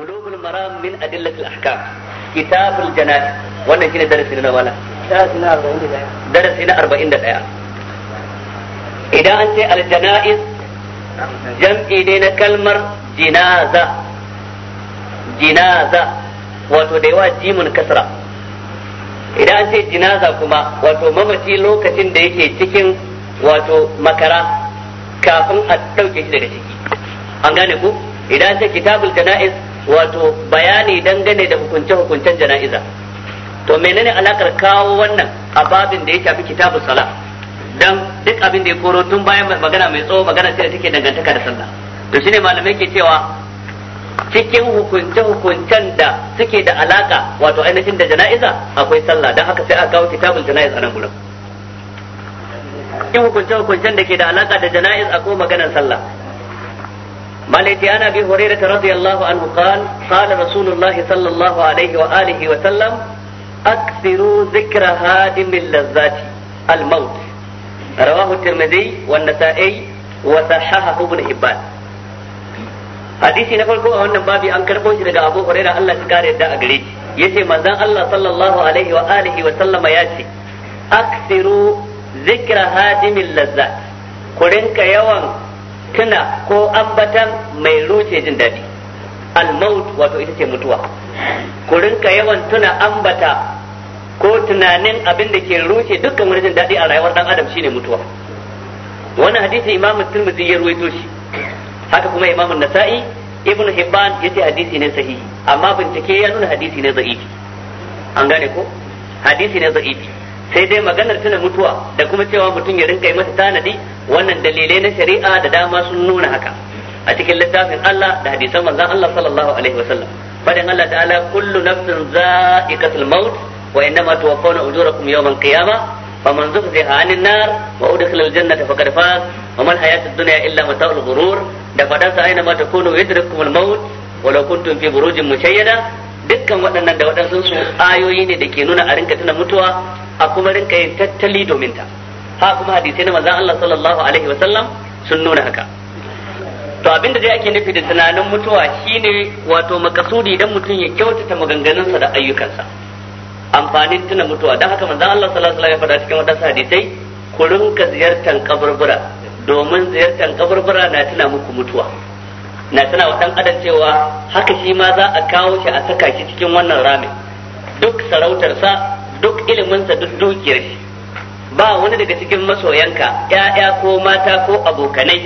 بلوغ المرام من أدلة الأحكام كتاب janaz wannan shine darasi na ولا darasi na أربعين idan an ce al jam'i ne na kalmar jinaza jinaza wato kasra idan an ce jinaza kuma wato mamaci lokacin da yake cikin wato makara kafin a ɗauke shi daga ciki an gane ku idan an ce kitabul jana'iz wato bayani dangane da hukunce hukuncen jana'iza to menene alakar kawo wannan a babin da ya shafi kitabu sala dan duk abin da ya koro tun bayan magana mai tsawo magana sai da take dangantaka da sallah to shine malamai ke cewa cikin hukunce hukuncen da suke da alaka wato ainihin da jana'iza akwai sallah dan haka sai aka kawo kitabul jana'iz anan gurin cikin hukunce hukuncen da ke da alaka da jana'iz akwai maganar sallah مالك عن ابي هريره رضي الله عنه قال قال رسول الله صلى الله عليه واله وسلم اكثروا ذكر هادم اللذات الموت رواه الترمذي والنسائي وصححه ابن حبان hadisi na farko a wannan babu an karɓo shi daga Abu Hurairah Allah ya kare yadda a gare shi yace Allah sallallahu alaihi wa alihi wa sallama yace aksiru zikira hadimil lazzat ku rinka yawan tuna ko ambatan mai ruce jin daɗi almaut wato ita ce mutuwa ku rinka yawan tuna ambata ko tunanin abin da ke ruce dukkan wani jin daɗi a rayuwar ɗan adam shine mutuwa wannan hadisi imam tirmidhi ya ruwaito shi haka kuma imam nasa'i ibn hibban yace hadisi ne sahihi amma bincike ya nuna hadisi ne za'ifi an gane ko hadisi ne za'ifi sai dai maganar tana mutuwa da kuma cewa mutum ya rinka mata tanadi wannan dalilai na shari'a da dama sun nuna haka a cikin littafin Allah da hadisan manzon Allah sallallahu alaihi wasallam fadin Allah ta'ala kullu nafsin za'iqatul maut wa innama tuwaffawna ujurakum yawmal qiyamah فمن زحزح عن النار وأدخل الجنة فقد فاز وما الحياة الدنيا إلا متاع الغرور da fadansa aina ma takunu yadrikum al-maut walau kuntum fi burujin mushayyada dukkan waɗannan da waɗansu su ayoyi ne da ke nuna a rinka tuna mutuwa a kuma rinka yin tattali domin ta ha kuma hadisai na manzon Allah sallallahu alaihi wa sallam sun nuna haka to abin da dai ake nufi da tunanin mutuwa shine wato makasudi idan mutum ya kyautata maganganunsa da ayyukansa amfanin tuna mutuwa don haka manzon Allah sallallahu alaihi wa sallam ya faɗa cikin wata hadisai ku rinka ziyartar kaburbura domin ziyartar kaburbura na tuna muku mutuwa na tana wa dan adam cewa haka shi ma za a kawo shi a saka shi cikin wannan ramin duk sarautarsa duk iliminsa duk dukiyar shi ba wani daga cikin masoyanka ƴaƴa ko mata ko abokanai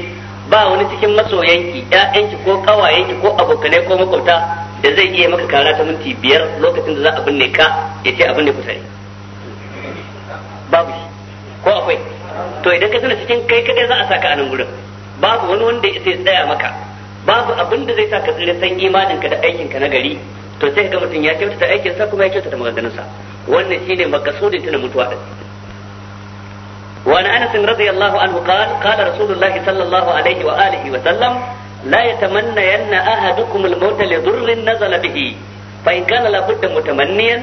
ba wani cikin masoyanki ƴaƴanki ko ƙawayenki ko abokanai ko makwabta da zai iya maka kara ta minti biyar lokacin da za a binne ka ya ce abin da kusa ne babu shi ko akwai to idan ka tuna cikin kai kadai za a saka a nan gurin babu wani wanda ya sai tsaya maka babu abin da zai sa ka tsira san imaninka da aikinka na gari to sai ka ga mutum ya kyautata aikinsa kuma ya kyautata maganganunsa wannan shine makasudin tana mutuwa din وعن انس رضي الله عنه قال قال رسول الله صلى الله عليه واله وسلم لا يتمنين احدكم الموت لضر نزل به فان كان لابد متمنيا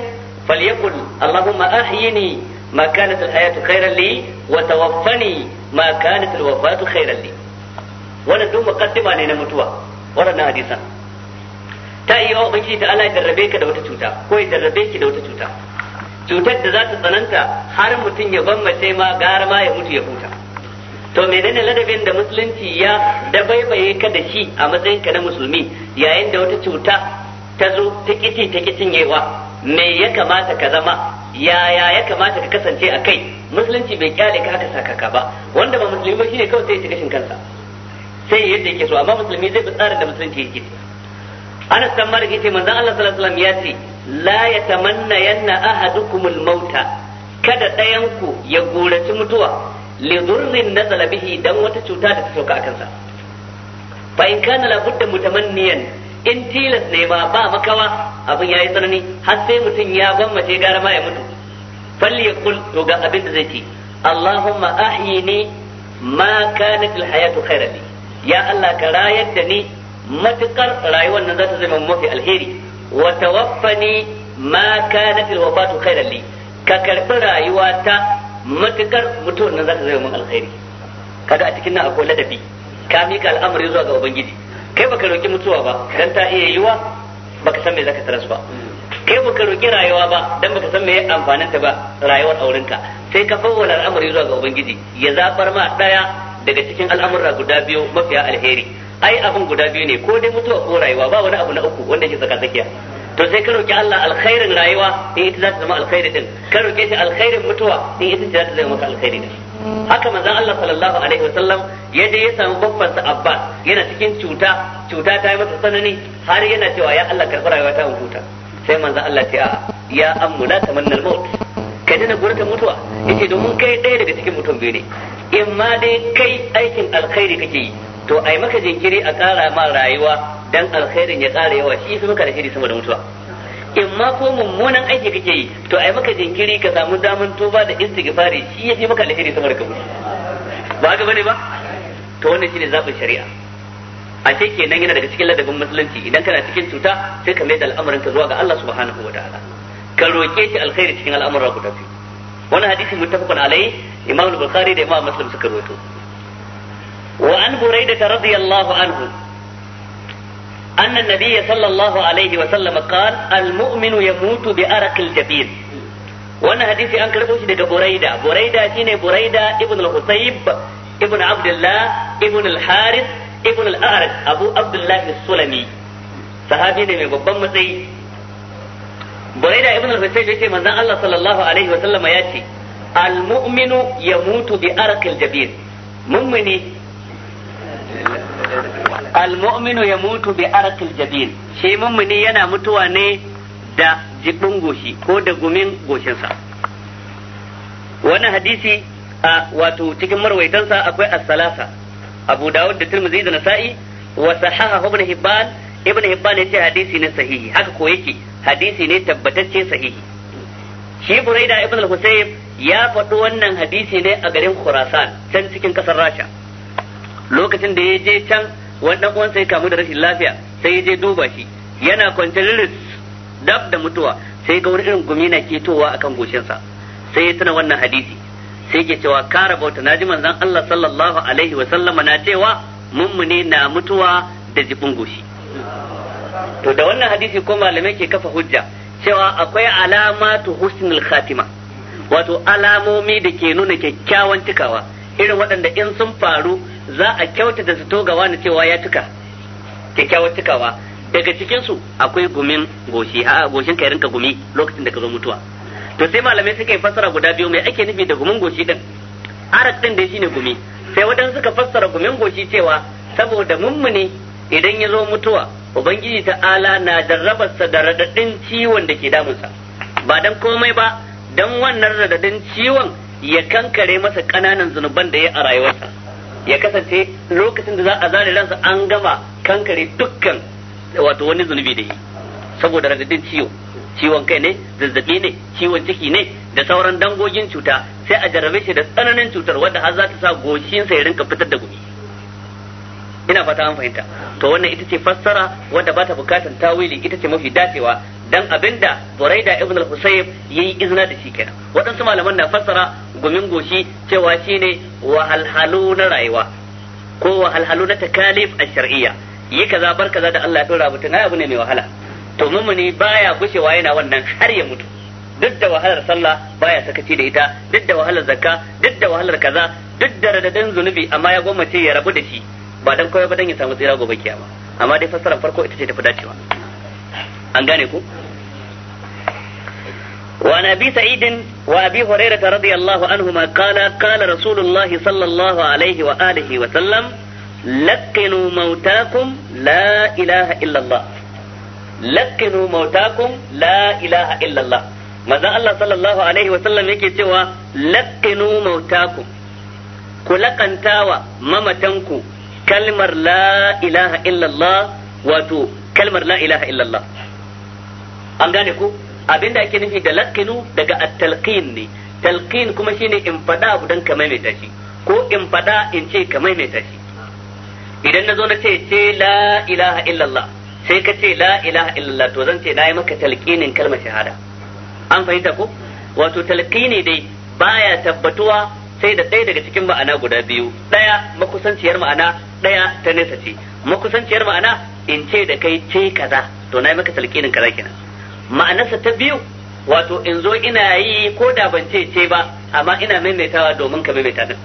فليقل اللهم احيني ما كانت الحياه خيرا لي وتوفني ما كانت الوفاه خيرا لي wannan duk mukaddima ne na mutuwa waɗannan hadisan ta iya wa ubangiji ta Allah ya jarrabe ka da wata cuta ko ya jarrabe ki da wata cuta cutar da za ta tsananta har mutum ya bambace ma gara ma ya mutu ya huta to menene ladabin da musulunci ya baibaye ka da shi a matsayin ka na musulmi yayin da wata cuta ta zo ta kiti ta kicin yewa me ya kamata ka zama yaya ya kamata ka kasance a kai musulunci bai kyale ka saka ka ba wanda ba musulmi ba shine kawai sai ya shiga kansa sai yadda yake so amma musulmi zai bi tsarin da musulunci yake Anas kan Malik yace manzon Allah sallallahu alaihi wasallam ya ce la yatamanna yanna ahadukumul mauta kada ɗayan ku ya gurace mutuwa li dhurrin nazala bihi dan wata cuta da ta sauka akan sa fa in kana la budda mutamanniyan in tilas ne ma ba makawa abin yayi tsanani har sai mutum ya gammace gara ma ya mutu falyakul to ga abin da zai ce Allahumma ahyini ma kanat alhayatu khairan ya Allah ka rayar da ni matukar rayuwar nan za ta zama mafi alheri wa tawaffani ma kana fil wafatu khairan li ka karbi rayuwa ta matukar mutuwar nan zaka zama mun alkhairi kaga a cikin nan akwai ladabi ka mika al'amari zuwa ga ubangiji kai baka roki mutuwa ba dan ta iya yiwa baka san me zaka tarasu ba kai baka roki rayuwa ba dan baka san me amfanin ta ba rayuwar ka sai ka fawwala al'amari zuwa ga ubangiji ya zabar ma daya daga cikin al'amura guda biyu mafiya alheri ai abin guda biyu ne ko dai mutuwa ko rayuwa ba wani abu na uku wanda yake tsaka tsakiya to sai ka roki Allah alkhairin rayuwa in ita za ta zama alkhairi din ka roke shi alkhairin mutuwa in ita za ta zama maka alkhairi din haka manzon Allah sallallahu alaihi wasallam ya je ya samu babban sa Abbas yana cikin cuta cuta ta yi masa tsanani har yana cewa ya Allah karɓi rayuwa ta huta sai manzon Allah ce a ya ammu la tamanna al-maut ka dana gurata mutuwa yace domin kai ɗaya daga cikin mutum biyu ne in ma dai kai aikin alkhairi kake yi to ai maka jinkiri a ƙara ma rayuwa dan alkhairin ya ƙara yawa shi fi maka alheri sama da mutuwa in ma ko mummunan aiki kake yi to ai maka jinkiri ka samu daman tuba da istighfari shi ya fi maka alheri sama da kabu ba ga bane ba to wannan shine zabin shari'a a ce kenan yana daga cikin ladabin musulunci idan kana cikin cuta sai ka mai da al'amarin ka zuwa ga Allah subhanahu wataala ka roke shi alkhairi cikin al'amura guda biyu wannan hadisi muttafaqun alai imamu bukhari da imamu muslim suka rawaito وعن بريدة رضي الله عنه أن النبي صلى الله عليه وسلم قال المؤمن يموت بأرق الجبين wannan hadisi an karɓo shi daga Buraida Buraida shine Buraida ibn al-Husayb ibn Abdullah ibn al-Harith ibn al-A'raj Abu Abdullah as-Sulami sahabi ne mai babban matsayi Buraida ibn al-Husayb yace manzon Allah sallallahu alaihi wa sallama yace bi mummuni almu'minu ya mutu bi arakil jabin shi mummuni yana mutuwa ne da jibin goshi ko da gumin goshinsa wannan hadisi a wato cikin marwaitansa akwai asalasa. salasa abu dawud da tirmidhi da nasa'i wa sahaha ibn hibban ibn hibban yace hadisi ne sahihi haka ko yake hadisi ne tabbatacce sahihi shi buraida ibn al-husayb ya faɗo wannan hadisi ne a garin khurasan can cikin ƙasar rasha lokacin da ya je can wanda ɗan sai ya kamu da rashin lafiya sai ya je duba shi yana kwance lilis dab da mutuwa sai ga wani irin gumi na ketowa akan goshinsa sai ya tuna wannan hadisi sai ke cewa ka rabauta naji manzon Allah sallallahu alaihi wa sallama na cewa mummune na mutuwa da jibin goshi to da wannan hadisi ko malamai ke kafa hujja cewa akwai alamatu husnul khatima wato alamomi da ke nuna kyakkyawan cikawa irin waɗanda in sun faru za a kyauta da zato ga wani cewa ya cika kyakkyawar cikawa daga cikinsu akwai gumin goshi a goshin ka gumi lokacin da ka zo mutuwa to sai malamai suka yi fassara guda biyu mai ake nufi da gumin goshi din arak din dai shine gumi sai wadan suka fassara gumin goshi cewa saboda mummuni idan ya zo mutuwa ubangiji ta'ala na jarrabarsa da radadin ciwon da ke damunsa ba dan komai ba dan wannan radadin ciwon ya kankare masa ƙananan zunuban da ya a rayuwarsa ya kasance lokacin da za a zare ransa an gama kankare dukkan wato wani zunubi da yi saboda radadin ciwo ciwon kai ne zazzabi ne ciwon ciki ne da sauran dangogin cuta sai a jarrabe shi da tsananin cutar wadda har za ta sa goshinsa ya rinka fitar da gumi ina fata an fahimta to wannan ita ce fassara wadda bata bukatan tawili ita ce mafi dacewa dan abinda Buraida ibn al-Husayb yayi izina da shi kenan waɗansu malaman na fassara gumin goshi cewa shine wahalhalu na rayuwa ko wahalhalu na takalif ash-shar'iyya yi kaza bar kaza da Allah ya dora mutum ai abu ne mai wahala to mumuni baya gushewa yana wannan har ya mutu duk da wahalar sallah baya sakaci da ita duk da wahalar zakka duk da wahalar kaza duk da radadin zunubi amma ya gwammace ya rabu da shi ba dan kawai ba dan ya samu tsira gobe kiyama amma dai fassara farko ita ce tafi dacewa an gane ku wa nabi sa'id wa abi hurairah radiyallahu anhu ma qala qala sallallahu alaihi wa alihi wa sallam lakinu mautakum la illallah lakinu mautakum la illallah maza Allah sallallahu alaihi wa sallam yake cewa lakinu mautakum ku lakantawa mamatanku kalmar la ilaha illallah wato kalmar la ilaha illallah an gane ku abinda ake nufi da lakinu daga at-talqin ne talqin kuma shine in fada abu dan ka maimaita shi ko in fada in ce ka maimaita shi idan na zo na ce ce la ilaha illallah sai ka ce la ilaha illallah to zan ce na yi maka talqinin kalmar shahada an fahimta ku, wato talqini dai baya tabbatuwa sai da ɗaya daga cikin ma'ana guda biyu ɗaya makusanciyar ma'ana ɗaya ta nesa ce makusanciyar ma'ana in ce da kai ce kaza to na yi maka talƙinin kaza kenan ma'anarsa ta biyu wato in zo ina yi ko da ban ce ce ba amma ina maimaitawa domin ka maimaita din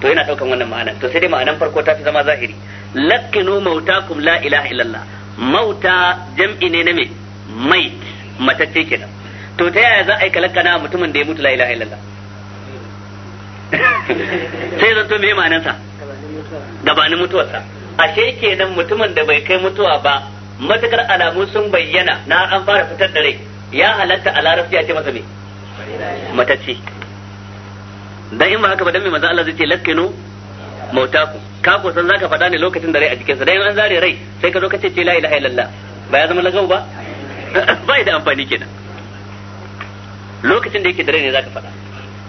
to yana ɗaukan wannan ma'anar to sai dai ma'anar farko ta fi zama zahiri lakinu kum la ilaha illallah mauta jam'i ne na me mai matacce kenan to ta yaya za a yi kalakana mutumin da ya mutu la ilaha illallah sai zanto me ma'anarsa gabanin mutuwarsa ashe kenan mutumin da bai kai mutuwa ba matukar alamu sun bayyana na an fara fitar da rai ya halatta a larabci ya ce masa me matacce dan in ba haka ba dan me manzo Allah zai ce lakkinu mautaku ka ko san zaka faɗa ne lokacin da rai a jikinsa dan an zare rai sai ka zo ka ce la ilaha illallah ba ya zama lagau ba ba da amfani kenan lokacin da yake da rai ne zaka faɗa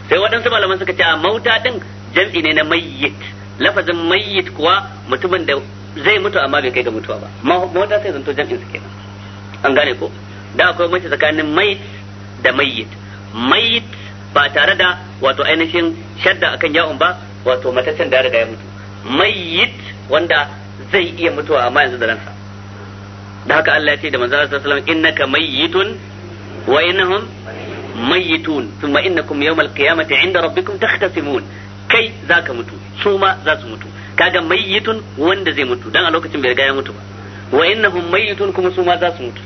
sai waɗansu malaman suka ce a mauta din jam'i ne na mayyit lafazin mayyit kuwa mutumin da zai mutu amma bai kai ga mutuwa ba mauta sai zanto jam'in su kenan an gane ko da akwai mace tsakanin mayit da mayyit mayit ba tare da wato ainihin shadda akan yawon ba wato matacen da riga ya mutu mayyit wanda zai iya mutuwa amma yanzu da ransa da haka Allah ya ce da manzo sallallahu alaihi wasallam innaka mayyitun wa innahum mayyitun thumma innakum yawmal qiyamati 'inda rabbikum takhtasimun kai zaka mutu su ma za su mutu kaga mayyitun wanda zai mutu dan a lokacin bai riga ya mutu ba wa innahum mayyitun kuma su ma za su mutu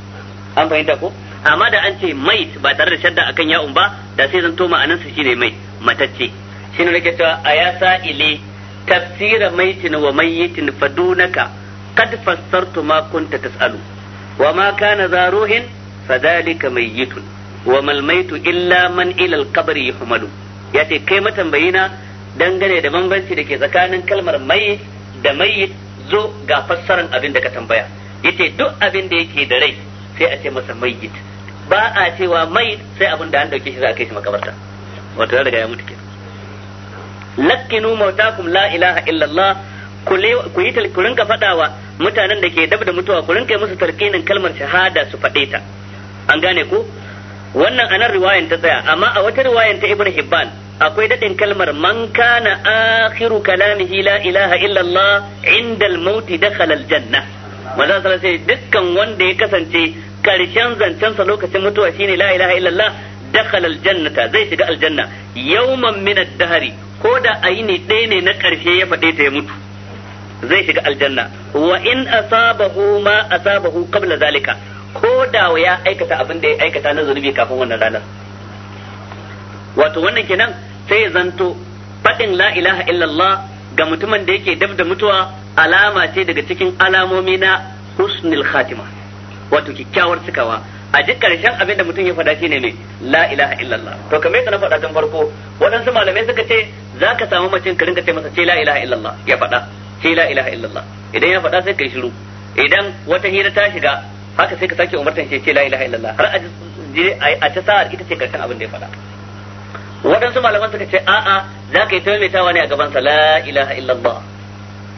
an fahimta ko amma da an ce mai ba tare da shadda akan ya'un ba da sai zanto ma'anar su ne mait matacce shine nake cewa aya ile tafsira maitin wa mayyitin fadunaka qad fassartu ma kunta tas'alu wa ma kana za ruhin fadhalika mayyitun wa malmaitu illa man ila al yuhmalu yace kai matambayi na dangane da bambanci da ke tsakanin kalmar mai da mai zo ga fassaran abin da ka tambaya yace duk abin da yake da rai sai a ce masa mayyit ba a cewa mai sai abin da an dauke shi za a kai shi makabarta wato daga ya mutu lakinu mautakum la ilaha allah ku yi ku rinka faɗawa mutanen da ke dab da mutuwa ku rinka musu tarkinin kalmar shahada su faɗe ta an gane ko wannan anan riwayan ta tsaya amma a wata riwayan ta ibnu hibban akwai dadin kalmar man kana akhiru kalamihi la ilaha illa allah inda al-maut dakhala al-janna maza sai dukkan wanda ya kasance karshen zancensa lokacin mutuwa shine la ilaha illa allah dakhala al-jannata zai shiga aljanna yawman min ad-dahri ko da aini ɗaya ne na karshe ya faɗe ta ya mutu zai shiga aljanna wa in asabahu ma asabahu qabla zalika ko da ya aikata abin da ya aikata na zunubi kafin wannan rana. wato wannan kenan sai ya zanto faɗin la ilaha illallah ga mutumin da yake dab da mutuwa alama ce daga cikin alamomi na husnul khatima wato kyakkyawar cikawa a duk karshen abin da mutum ya faɗa shine ne la ilaha illallah to kamar yadda na faɗa tun farko waɗansu malamai suka ce za ka samu mutum ka rinka ce masa ce la ilaha illallah ya faɗa ce la ilaha illallah idan ya faɗa sai kai shiru idan wata hira ta shiga haka sai ka sake umartan shi ce la ilaha illallah har a a ta sa'ar ita ce karshen abin da ya faɗa waɗansu malaman suka ce a'a za ka yi maimaitawa ne a gaban sa la ilaha illallah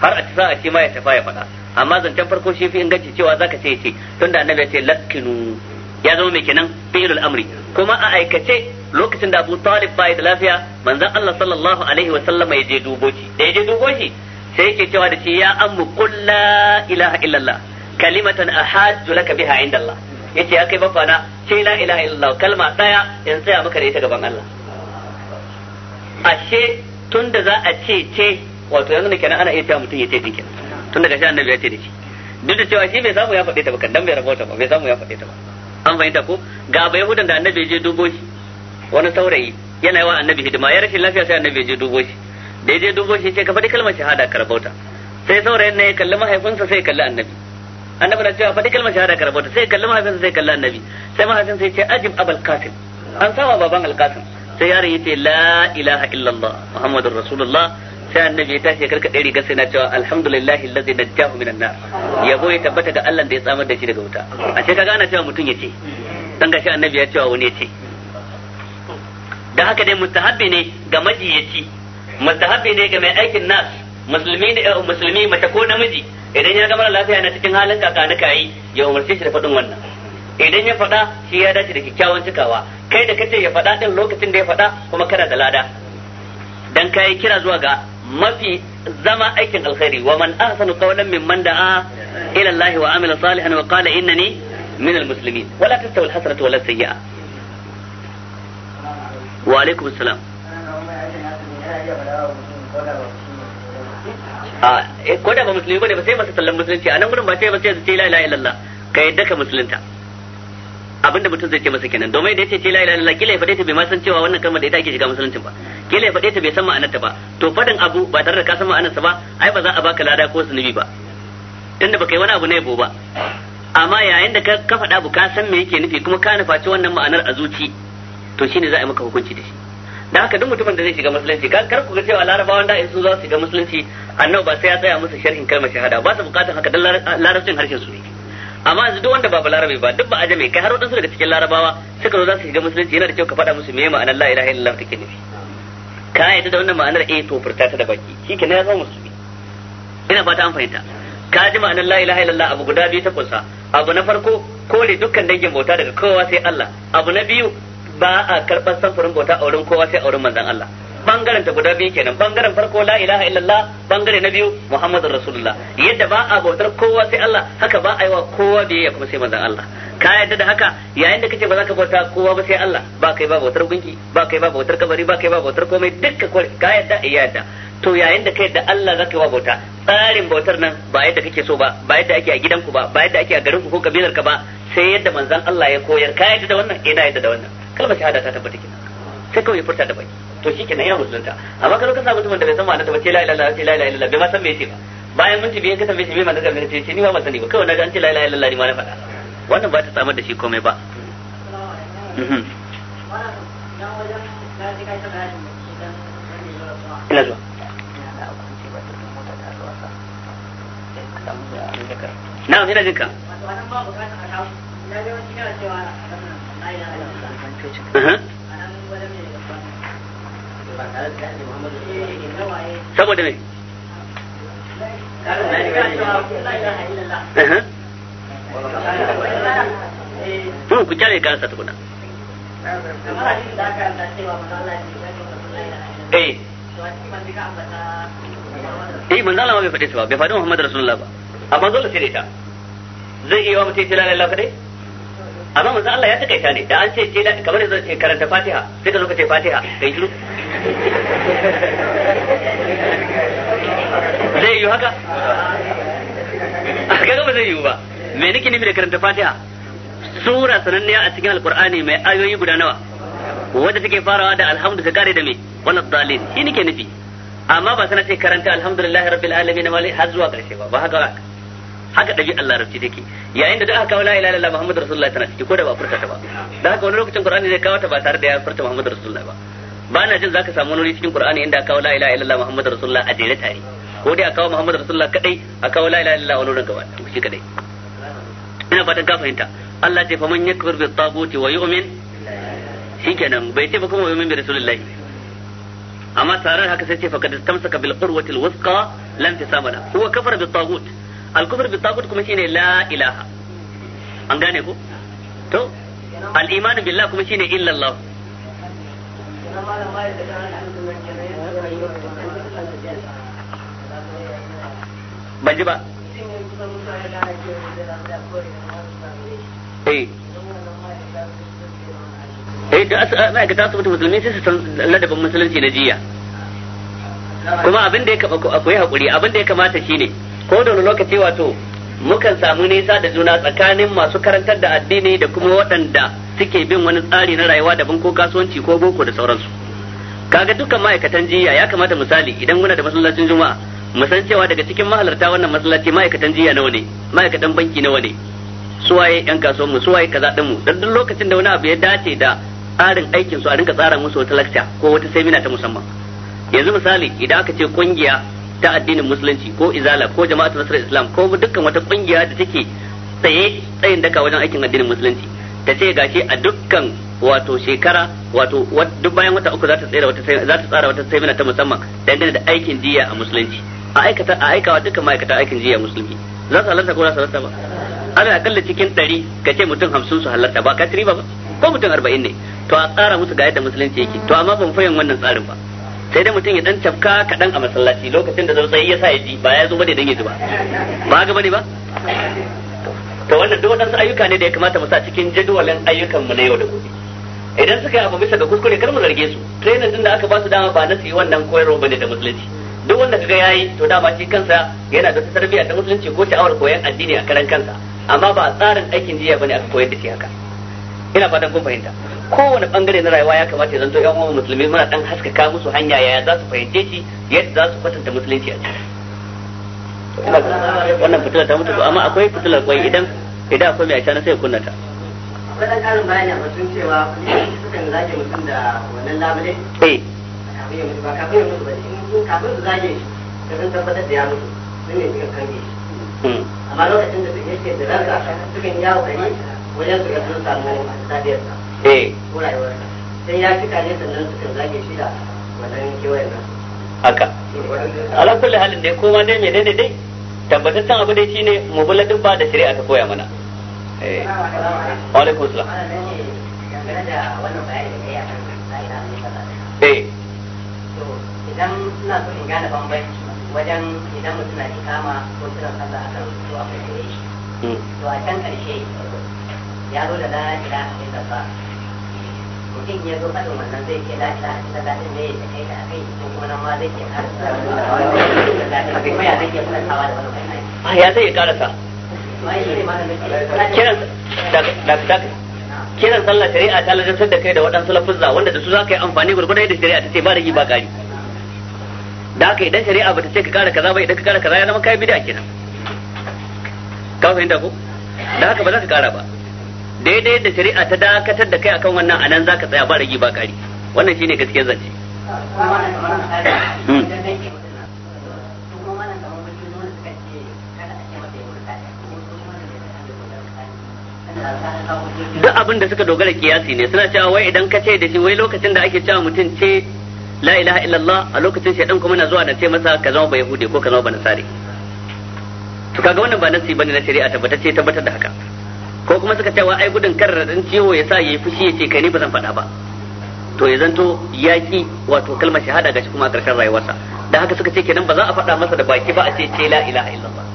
har a ta sa'a shi ma ya tafa ya faɗa amma zancen farko shi fi inganci cewa za ka ce ya ce da annabi ya ce lakinu. ya zama mai kenan fi'ilul amri kuma a aikace lokacin da Abu Talib bai da lafiya manzon Allah sallallahu alaihi wa sallama ya je dubo shi da ya je dubo shi sai yake cewa da shi ya ammu qul la ilaha illallah kalimatan ahajju laka biha inda Allah yace akai kai na ce la ilaha illallah kalma daya in tsaya maka da ita gaban Allah ashe tunda za a ce ce wato yanzu ne kenan ana iya cewa mutum ya ce dinkin tunda gashi annabi ya ce da shi duk da cewa shi bai samu ya faɗe ta ba kan dan bai rabota ba bai samu ya faɗe ta ba an fahimta ko ga ba yahudan da annabi je dubo shi wani saurayi yana yi wa annabi hidima ya rashin lafiya sai annabi je dubo shi da ya je dubo shi ce ka faɗi kalmar shahada ka sai saurayin ne ya kalli mahaifinsa sai ya kalli annabi annabi na cewa faɗi kalmar shahada ka ta, sai kalli mahaifinsa sai kalli annabi sai mahaifin sai ce ajib abal qasim an sama baban al qasim sai yaron yace la ilaha illallah muhammadur rasulullah sai annabi ya tashi karka ɗari gasa na cewa alhamdulillahi allazi najjahu minan nar yabo ya tabbata ga Allah da ya tsamar da shi daga wuta a ce kaga ana cewa mutum yace dan gashi annabi ya cewa wani yace Da haka dai mustahabbi ne ga majiyaci mustahabbi ne ga mai aikin nas musulmi ne eh, musulmi mace ko namiji idan ya gama mara lafiya na cikin halin kaka na kayi ya umarce shi da faɗin wannan idan ya faɗa shi ya dace da kyakkyawan cikawa kai da kace ya faɗa din lokacin da ya faɗa kuma kana da lada dan kai kira zuwa ga mafi zama aikin alkhairi wa man ahsanu qawlan mimman da'a ila Allah wa amila salihan wa qala innani min almuslimin wala tastawi alhasanatu wala sayyi'a wa alaikum assalam a eh, ko da ba musulmi bane ba sai masa sallan musulunci a nan gurin ba sai ba sai ce la ilaha illallah ka yadda ka musulunta abinda mutum zai ce masa kenan domin da yace ce la ilaha illallah kila ya fade ta bai ma san cewa wannan kalmar da ita ake shiga musuluncin ba kila ya fade ta bai san ma'anarta ba to fadin abu ba tare da ka san ma'anarsa sa ba ai ba za a baka lada ko zunubi ba tunda baka yi wani abu ne bo ba amma yayin da ka faɗa abu ka san me yake nufi kuma ka nufaci wannan ma'anar a zuci to shine za a yi maka hukunci da shi da haka duk mutumin da zai shiga musulunci kar ku ga cewa larabawan da su za su shiga musulunci annabi ba sai ya tsaya musu sharhin kalmar shahada ba su bukatar haka dan larabcin harshen su ne amma yanzu duk wanda ba larabi ba duk ba ajame kai har wadansu daga cikin larabawa suka zo za su shiga musulunci yana da kyau ka faɗa musu meye ma'anar la ilaha illallah take nufi ka yadda da wannan ma'anar eh to furta ta da baki ke na zama musulmi ina fata an fahimta ka ji ma'anar la ilaha illallah abu guda biyu ta kunsa abu na farko kore dukkan dangin bauta daga kowa sai Allah abu na biyu ba a karɓar samfurin bauta a wurin kowa sai a wurin manzon Allah bangaren ta guda biyu kenan bangaren farko la ilaha illallah bangare na biyu muhammadur rasulullah yadda ba a bautar kowa sai Allah haka ba a yi wa kowa biyayya kuma sai manzon Allah ka yadda da haka yayin da ce ba za ka bauta kowa ba sai Allah ba kai ba bautar gunki ba kai ba bautar kabari ba kai ba bautar komai dukka ka yadda iya eh, yadda to yayin da kai da Allah za ka yi wa bauta tsarin bautar nan ba yadda kake so ba ba yadda ake a gidanku ba ba yadda ake a garinku ko kabilarka ba sai yadda manzon Allah ya koyar ka yadda da wannan ina eh, yadda da wannan kalmar shahada ta tabbata kenan sai kawai furta da baki to kenan yana musulunta amma kar ka sa mutumin da bai san ma'anar ta ba ce la ilaha illallah la ilaha illallah bai ma san me yace ba bayan mun biyar ka tambaye shi me ma'anar ta ce ce ni ba ban sani ba kawai na ga an ce la ilaha illallah ni ma na faɗa wannan ba ta samar da shi komai ba mhm. ina zuwa na'am ina jinka saboda me ku kyale kansa tukuna eh eh manzo Allah bai faɗe su ba bai faɗi Muhammad Rasulullah ba amma dole sai da ita zai iya wa mutum ya ce amma manzo Allah ya takaita ne da an ce je kamar yanzu ce karanta Fatiha sai ka zo ka ce Fatiha kai shiru zai yi haka a kai ba zai yi ba me nake nufi da karanta Fatiha sura sananniya a cikin alqur'ani mai ayoyi guda nawa wadda take farawa da alhamdu ta kare da me Wala dalil shi nake nufi amma ba sana ce karanta alhamdulillahi rabbil alamin har zuwa karshe ba ba haka ba haka dabi Allah rabbi take yayin da duk aka kawo la ilaha illallah muhammadur rasulullah tana ciki ko da ba furta ta ba da haka wani lokacin qur'ani zai kawo ta ba tare da ya furta muhammadur rasulullah ba ba na jin zaka samu wani cikin qur'ani inda aka kawo la ilaha illallah muhammadur rasulullah a jere tare ko dai aka kawo muhammadur rasulullah kadai aka kawo la ilaha illallah wani wurin gaba shi kadai ina fatan ka fahimta Allah ce man yakfur bi taguti wa yu'min shikenan bai ce ba kuma yu'min bi rasulillah amma tare haka sai ce faqad istamsaka bil qurwati al wuthqa lan tisabala huwa kafara bi tagut al bi tagut kuma shine la ilaha an gane ko to al-iman billah kuma shine illa Allah ban ba eh eh da musulmi sai su san ladabin musulunci na jiya kuma abin da ya kaba akwai hakuri abin da ya kamata shine ko da lokaci wato mukan samu nisa da juna tsakanin masu karantar da addini da kuma waɗanda suke bin wani tsari na rayuwa daban ko kasuwanci ko boko da sauransu kaga dukkan ma'aikatan jiya ya kamata misali idan muna da masallacin juma'a mu san cewa daga cikin mahalarta wannan masallaci ma'aikatan jiya nawa ne ma'aikatan banki nawa ne suwaye yan kasuwar mu suwaye kaza din mu dan duk lokacin da wani abu ya dace da tsarin aikin su a rinka tsara musu wata lecture ko wata semina ta musamman yanzu misali idan aka ce kungiya ta addinin musulunci ko izala ko jama'atul nasr islam ko dukkan wata kungiya da take tsaye tsayin daka wajen aikin addinin musulunci ta ce gashi a dukkan wato shekara wato duk bayan wata uku za ta tsara wata za ta tsara wata semina ta musamman dangane da aikin jiya a musulunci a aikata a aikawa dukkan ma'aikatan aikin jiya musulmi za su halarta ko za su halarta ba ana akalla cikin ɗari ka ce mutum hamsin su halarta ba ka ba ko mutum arba'in ne to a tsara musu ga yadda musulunci yake to amma ban fahimci wannan tsarin ba sai dai mutum ya dan tafka kaɗan a masallaci lokacin da tsautsayi ya sa ya ji ba ya zo bane dan ya ji ba ba ga bane ba to wannan duk wadansu ayyuka ne da ya kamata mu sa cikin jadawalin ayyukan mu na yau da gobe idan suka yi abu bisa ga kuskure kar mu zarge su training din da aka ba su dama ba na su yi wannan koyarwa bane da musulunci duk wanda kaga yayi to dama shi kansa yana da tarbiyya ta musulunci ko ta awar koyan addini a karan kansa amma ba tsarin aikin jiya bane aka koyar da shi haka ina fatan kun fahimta kowane bangare na rayuwa ya kamata ya zanto yan uwan musulmi muna dan haskaka musu hanya yaya za su fahimce shi yadda za su kwatanta musulunci a ciki wannan fitilar ta mutu ba amma akwai fitilar kwai idan idan akwai mai ashana sai kunna ta akwai karin bayani a batun cewa sukan zage mutum da wannan labule eh kafin ya mutu ba kafin ya mutu ba kafin su zage shi sun tabbatar da ya mutu sun ne suka kange shi hmm. amma lokacin da su yake da ranka sukan yawo gari wajen su ga sun samu sadiyarsa eh sai kare sannan shi da wannan haka kulli halin dai dai dai dai tabbataccen abu dai shine mu bula duk ba da shari'a ta koya mana eh idan suna so in gane bambanci wajen idan mutum na kama ko suna a kan to a karshe yaro da da gida a kai mutum ya zai ce da akai kuma nan ma zai ce karasa ya zai ya kiran da sallah shari'a ta lalatar da kai da waɗansu lafuzza wanda da su za ka yi amfani gurgurda yadda shari'a ta ce ba rigi ba gari da haka idan shari'a ta ce ka kara kaza ba idan ka kara kaza ya zama kai bid'a kenan ka fahimta ko da haka ba za ka kara ba daidai da shari'a ta dakatar da kai akan wannan anan zaka tsaya ba rage ba kari wannan shine gaskiya zance hmm. duk abin da suka dogara kiyasi ne suna cewa wai idan ka ce da shi wai lokacin da ake cewa mutum ce la ilaha illallah a lokacin shaidan kuma na zuwa na ce masa ka zama ba yahudi ko ka zama ba nasare. to kaga wannan ba nasi bane na shari'a tabbata ce tabbatar da haka ko kuma suka cewa ai gudun kar radin ciwo ya sa yayi fushi ya ce kai ne ba zan faɗa ba to ya zanto yaki wato kalmar shahada ga shi kuma karshen rayuwarsa da haka suka ce kenan ba za a faɗa masa da baki ba a ce ce la ilaha illallah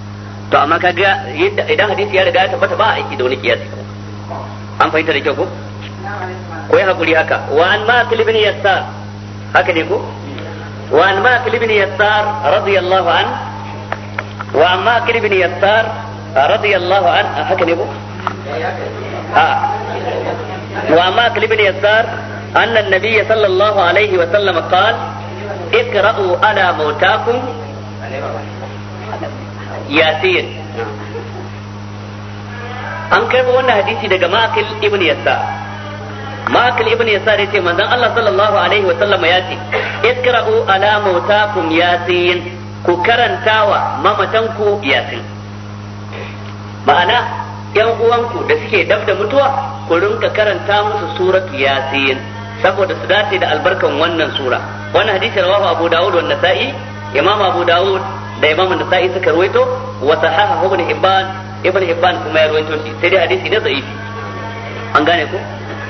to amma kaga yadda idan hadisi ya riga ya tabbata ba a aiki da wani kiyasi an fahimta da kyau ko ko ya hakuri haka wa an ma ibn yassar haka ne ko wa an ma ibn yassar radiyallahu an wa an ma ibn yassar radiyallahu an haka ne ko وأما أكل يسار أن النبي صلى الله عليه وسلم قال اقرأوا على موتاكم ياسين an kai wannan hadisi daga makil ibn yasa makil ibn yasa da ce manzon Allah sallallahu alaihi wa sallama ya ce ikra'u ala mautakum yasin ku karantawa mamatanku yasin ma'ana yan uwanku da suke dab da mutuwa ku rinka karanta musu suratu yasin saboda su dace da albarkan wannan sura wannan hadisi rawahu abu dawud wa nasa'i imam abu dawud da imam nasa'i suka ruwaito wa sahahahu ibn hibban ibn hibban kuma ya ruwaito shi sai dai hadisi ne da'ifi an gane ku.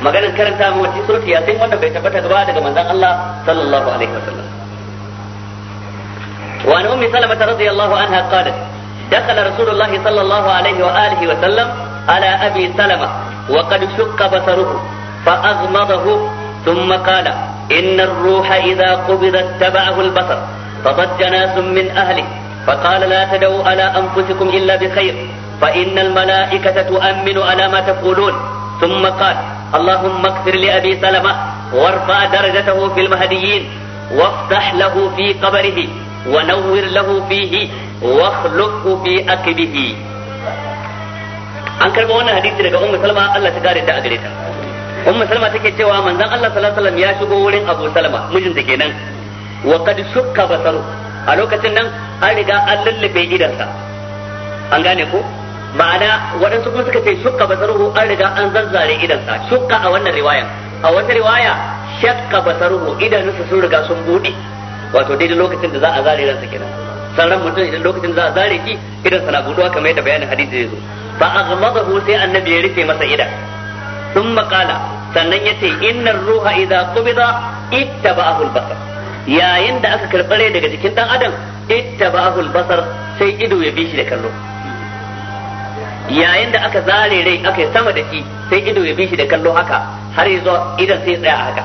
maganar karanta mu wannan suratu yasin wannan bai tabbata gaba daga manzon Allah sallallahu alaihi wasallam wa an ummi salama radiyallahu anha qalat دخل رسول الله صلى الله عليه وآله وسلم على أبي سلمة وقد شق بصره فأغمضه ثم قال إن الروح إذا قبض اتبعه البصر فضج ناس من أهله فقال لا تدعوا على أنفسكم إلا بخير فإن الملائكة تؤمن على ما تقولون ثم قال اللهم اغفر لأبي سلمة وارفع درجته في المهديين وافتح له في قبره wa nawwir lahu fihi wa an karba wannan hadisi daga ummu salma Allah ta gare ta a gare ta ummu salma take cewa manzon Allah sallallahu alaihi wasallam ya shigo wurin abu salma mijinta kenan wa qad sukka basaru a lokacin nan an riga an lullube idansa an gane ko ma'ana waɗansu kuma suka ce shukka basaruhu an riga an zanzare idansa shukka a wannan riwaya a wata riwaya shakka basaruhu idanunsa sun riga sun buɗe wato daidai lokacin da za a zare ransa kenan san ran mutum idan lokacin za a zare ki idan sana buduwa kamar yadda bayanin hadisi zai zo fa aghmadahu sai annabi ya rufe masa idan sun qala sannan yace innar ruha idza qubida ittaba'ahu al-basar yayin da aka karbare daga jikin dan adam ittaba'ahu al-basar sai ido ya bi shi da kallo yayin da aka zare rai aka sama da shi sai ido ya bi shi da kallo haka har ya zo idan sai tsaya haka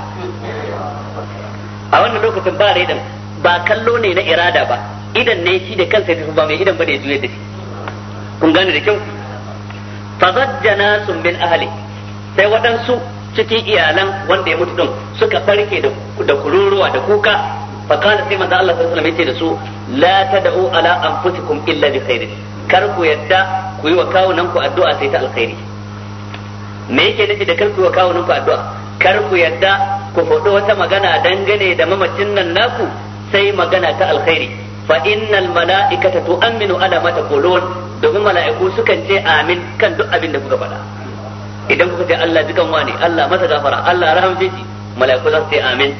a wannan lokacin ba rai idan. ba kallo ne na irada ba idan ne shi da kansa ba mai idan ba da ya da shi kun gane da kyau fazajjana sun min ahli sai waɗansu cikin iyalan wanda ya mutu din suka farke da kururuwa da kuka kana sai manzo Allah sallallahu alaihi wasallam da su la tad'u ala anfusikum illa bi khairin kar ku yadda ku yi wa kawunan ku addu'a sai ta alkhairi me yake nufi da kar ku yi wa kawunan ku addu'a kar ku yadda ku faɗo wata magana dangane da mamacin nan naku sai magana ta alkhairi fa innal mala'ikata tu'minu ala ma taqulun domin mala'iku sukan ce amin kan duk abin da kuka faɗa idan kuka ce Allah dukan wane, Allah masa gafara Allah rahamce shi mala'iku za su ce amin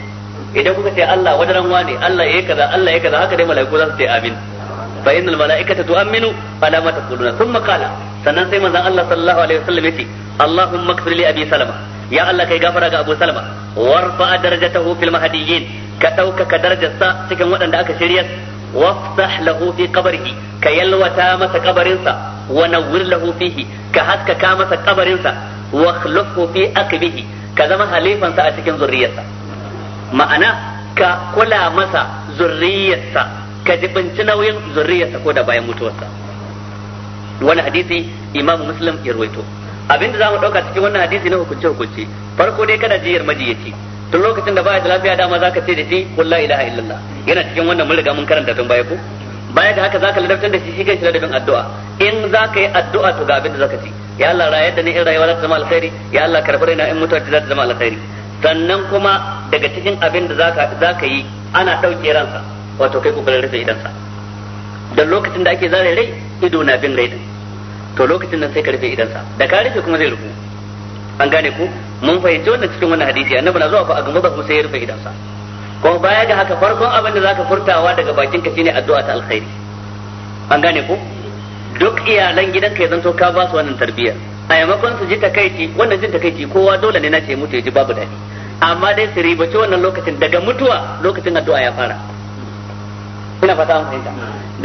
idan kuka ce Allah wadaran wane, Allah yayi kaza Allah yayi kaza haka dai mala'iku za su ce amin fa innal mala'ikata tu'minu ala ma taquluna thumma qala sannan sai manzon Allah sallallahu alaihi wasallam yace Allahumma ighfir li abi salama ya Allah kai gafara ga Abu Salama warfa darajatahu fil mahdiyyin ka ka ɗaukaka sa cikin waɗanda aka shirya wafsah lahu fi qabrihi ka yalwata masa qabarinsa wa nawwir lahu fihi ka haskaka masa qabarinsa wa khlufhu fi aqbihi ka zama halifansa a cikin zurriyarsa ma'ana ka kula masa zurriyarsa ka jibinci nauyin zurriyarsa ko da bayan mutuwarsa wani hadisi imam muslim ya rawaito abinda zamu dauka cikin wannan hadisi na hukunci-hukunci farko dai kada jiyar majiyaci tun lokacin da baya da lafiya dama zaka ce da shi qul ilaha illallah yana cikin wannan mun riga mun karanta tun baya ko baya da haka zaka ladabtar da shi shi kanshi ladabin addu'a in zaka yi addu'a to ga abin da zaka ci ya Allah rayar da ni in rayuwa za ta zama alkhairi ya Allah karbar ina in mutuwa za ta zama alkhairi sannan kuma daga cikin abin da zaka zaka yi ana dauke ransa wato kai kokarin rufe idansa da lokacin da ake zare rai ido na bin rai to lokacin nan sai ka rufe idansa da ka rufe kuma zai rufu an gane ku mun fahimci wannan cikin wannan hadisi annabi na zuwa fa a gaba ba sai ya rufe idansa kuma baya ga haka farkon abin da zaka furtawa daga bakin ka shine addu'a ta alkhairi an gane ku duk iyalan gidanka ya zanto ka ba su wannan tarbiyya a yamakon su ji takaici wannan jin takaici kowa dole ne na ce mutu ya ji babu dadi amma dai su ribaci wannan lokacin daga mutuwa lokacin addu'a ya fara ina fata an fahimta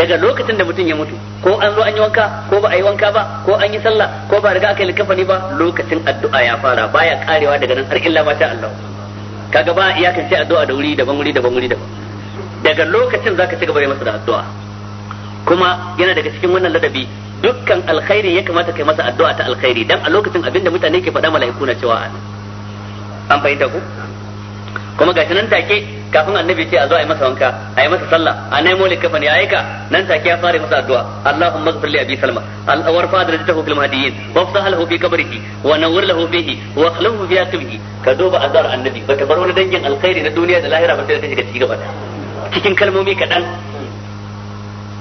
daga lokacin da mutum ya mutu ko an zo an yi wanka ko ba a yi wanka ba ko an yi sallah ko ba riga aka yi likafani ba lokacin addu'a ya fara baya karewa daga nan har illa ma sha Allah kaga ba iyakan sai addu'a da wuri daban wuri daban wuri daban daga lokacin zaka ci gaba da masa da addu'a kuma yana daga cikin wannan ladabi dukkan alkhairi ya kamata kai masa addu'a ta alkhairi dan a lokacin abinda mutane ke faɗa mala'iku na cewa an fahimta ku kuma gashi nan take kafin annabi ce a zo a yi masa wanka a yi masa sallah a nemo likafani ya aika nan take ya fara masa addu'a Allahumma ighfir li abi salma al awar fadar ta hu fil mahdiyin wa ftah lahu fi qabrihi wa nawwir lahu fihi wa akhlahu fi aqibihi ka duba azar annabi baka bar wani dangin alkhairi na duniya da lahira ba sai ta shiga cikin gaba cikin kalmomi kadan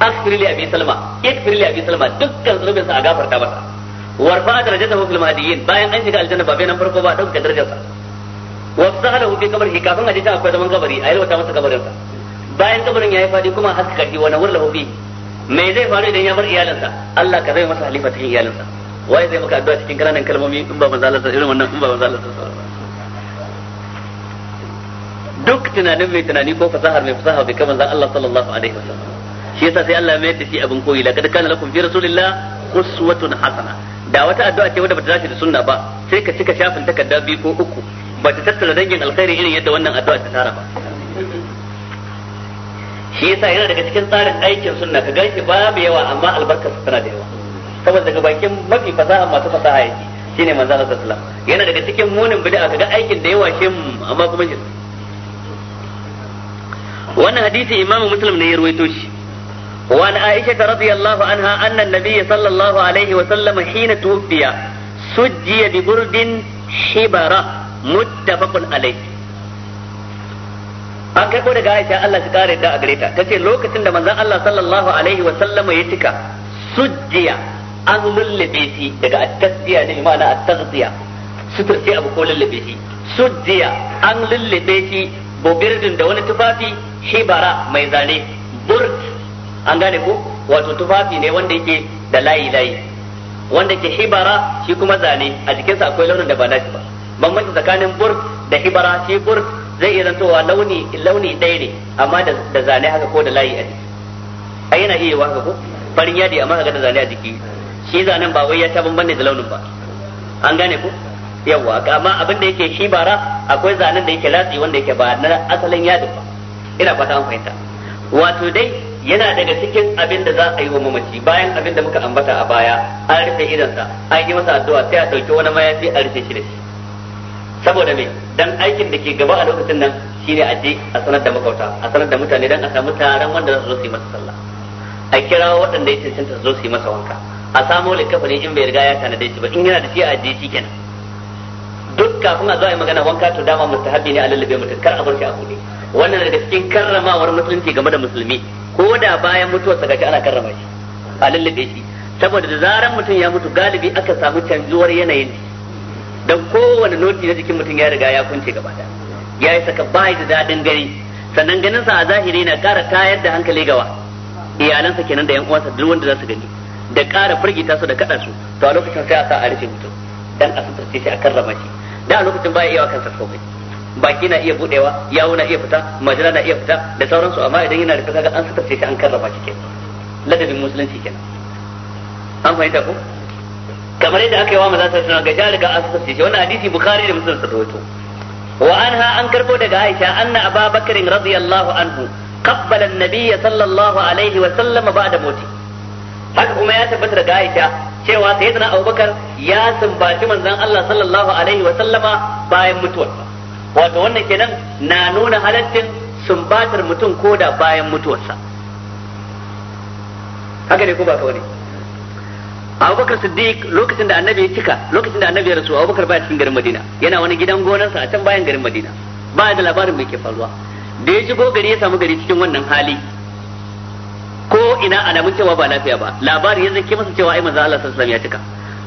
aghfir li abi salma ighfir li abi salma dukkan sa a gafarta masa warfa darajatahu fil mahdiyin bayan an shiga aljanna ba bai nan farko ba dauka darajarsa wadda alahu fi kabar hi kafin aje ta akwai zaman kabari a yalwata masa kabarin sa bayan kabarin yayi fadi kuma haska karfi wa nawar lahu hufi. me zai faru idan ya bar iyalinsa Allah ka zai masa halifa cikin iyalinsa waye zai maka addu'a cikin kananan kalmomi in ba manzo sa irin wannan in ba manzo sa duk tunanin mai tunani ko fasahar mai fasaha bai kama zan Allah sallallahu alaihi wasallam shi yasa sai Allah mai shi abin koyi la, kana lakum fi rasulillah uswatun hasana da wata addu'a ce wadda bata dace da sunna ba sai ka cika shafin takarda biyu ko uku ba ta tattala dangin alkhairi irin yadda wannan addu'a ta tara ba shi yasa yana daga cikin tsarin aikin sunna ka gashi babu yawa amma albarkar su tana da yawa saboda daga bakin mafi fasaha masu fasaha yake shine manzo Allah sallallahu alaihi wasallam yana daga cikin munin bid'a kaga aikin da yawa shi amma kuma shi wannan hadisi imamu muslim ne ya ruwaito shi وعن عائشة رضي الله عنها أن النبي صلى الله عليه وسلم حين توفي سجي ببرد حبرة muttafaqun alai an kai ko daga Aisha Allah shi kare da a gareta tace lokacin da manzon Allah sallallahu alaihi wa sallama ya tika sujjiya an lullube shi daga at-tasdiya ne ma'ana at-taghdiya suturce abu ko lullube shi sujjiya an lullube shi bobirdin da wani tufafi hibara mai zane burd an gane ko wato tufafi ne wanda yake da layi layi wanda ke hibara shi kuma zane a jikinsa akwai launin da ba nashi ba bambanci tsakanin bur da ibara shi bur zai iya zantowa launi launi ɗaya ne amma da zane haka ko da layi a jiki ai yana iya haka ko farin yadi amma kaga da zane a jiki shi zanen ba wai ya ta bambanci da launin ba an gane ko yawa amma abin da yake shi bara akwai zanen da yake latsi wanda yake ba na asalin yadin ba ina fata an fahimta wato dai yana daga cikin abin da za a yi wa mamaci bayan abin da muka ambata a baya an rufe idansa an yi masa addu'a sai a ɗauki wani mayafi a rufe shi da shi saboda me dan aikin da ke gaba a lokacin nan shine a je a sanar da makauta a sanar da mutane dan a samu taron wanda za su zo su yi masa sallah a kira waɗanda ya cancanta su zo su yi masa wanka a samo likafani in bai riga ya tanade shi ba in yana da shi a je shi kenan duk kafin a zo a yi magana wanka to dama mustahabi ne a lallabe mutum kar a bar shi a buɗe wannan daga cikin karramawar musulunci game da musulmi ko da bayan mutuwarsa gashi ana karrama shi a lallabe shi saboda da zaran mutum ya mutu galibi aka samu canjuwar yanayin dan kowane noti na jikin mutum ya riga ya kunce gaba da ya yi saka bai da daɗin gani sannan ganin sa a zahiri na ƙara tayar da hankali gawa iyalansa kenan da yan uwansa duk wanda za su gani da ƙara firgita su da kada su to a lokacin sai a sa a rufe mutum dan a sutarce shi a karrama shi da a lokacin baya iya kansa komai baki na iya budewa yawo na iya fita majira na iya fita da sauransu amma idan yana da kaga an sutarce shi an karrama shi kenan ladabin musulunci kenan an fahimta ko kamar yadda aka yi wa maza ta suna ga jari ga asusun shi wannan hadisi bukhari da muslim sun wato wa ha an karbo daga aisha aba bakarin radiyallahu anhu kabbala Nabiya nabiyya sallallahu alaihi wa sallam da moti, haka kuma ya tabbata daga aisha cewa sayyidina abubakar ya sumbaci manzan Allah sallallahu alaihi wa sallama bayan mutuwarsa wato wannan kenan na nuna halaccin sumbatar mutum koda bayan mutuwarsa haka ne ko ba kawai abubakar siddiq lokacin da annabi ya cika lokacin da annabi ya rasu abubakar baya cikin garin madina yana wani gidan gonarsa a can bayan garin madina baya da labarin mai ke faruwa da ya shigo gari ya samu gari cikin wannan hali ko ina alamun cewa ba lafiya ba labarin ya zake masa cewa ai manzo Allah sallallahu alaihi wasallam ya cika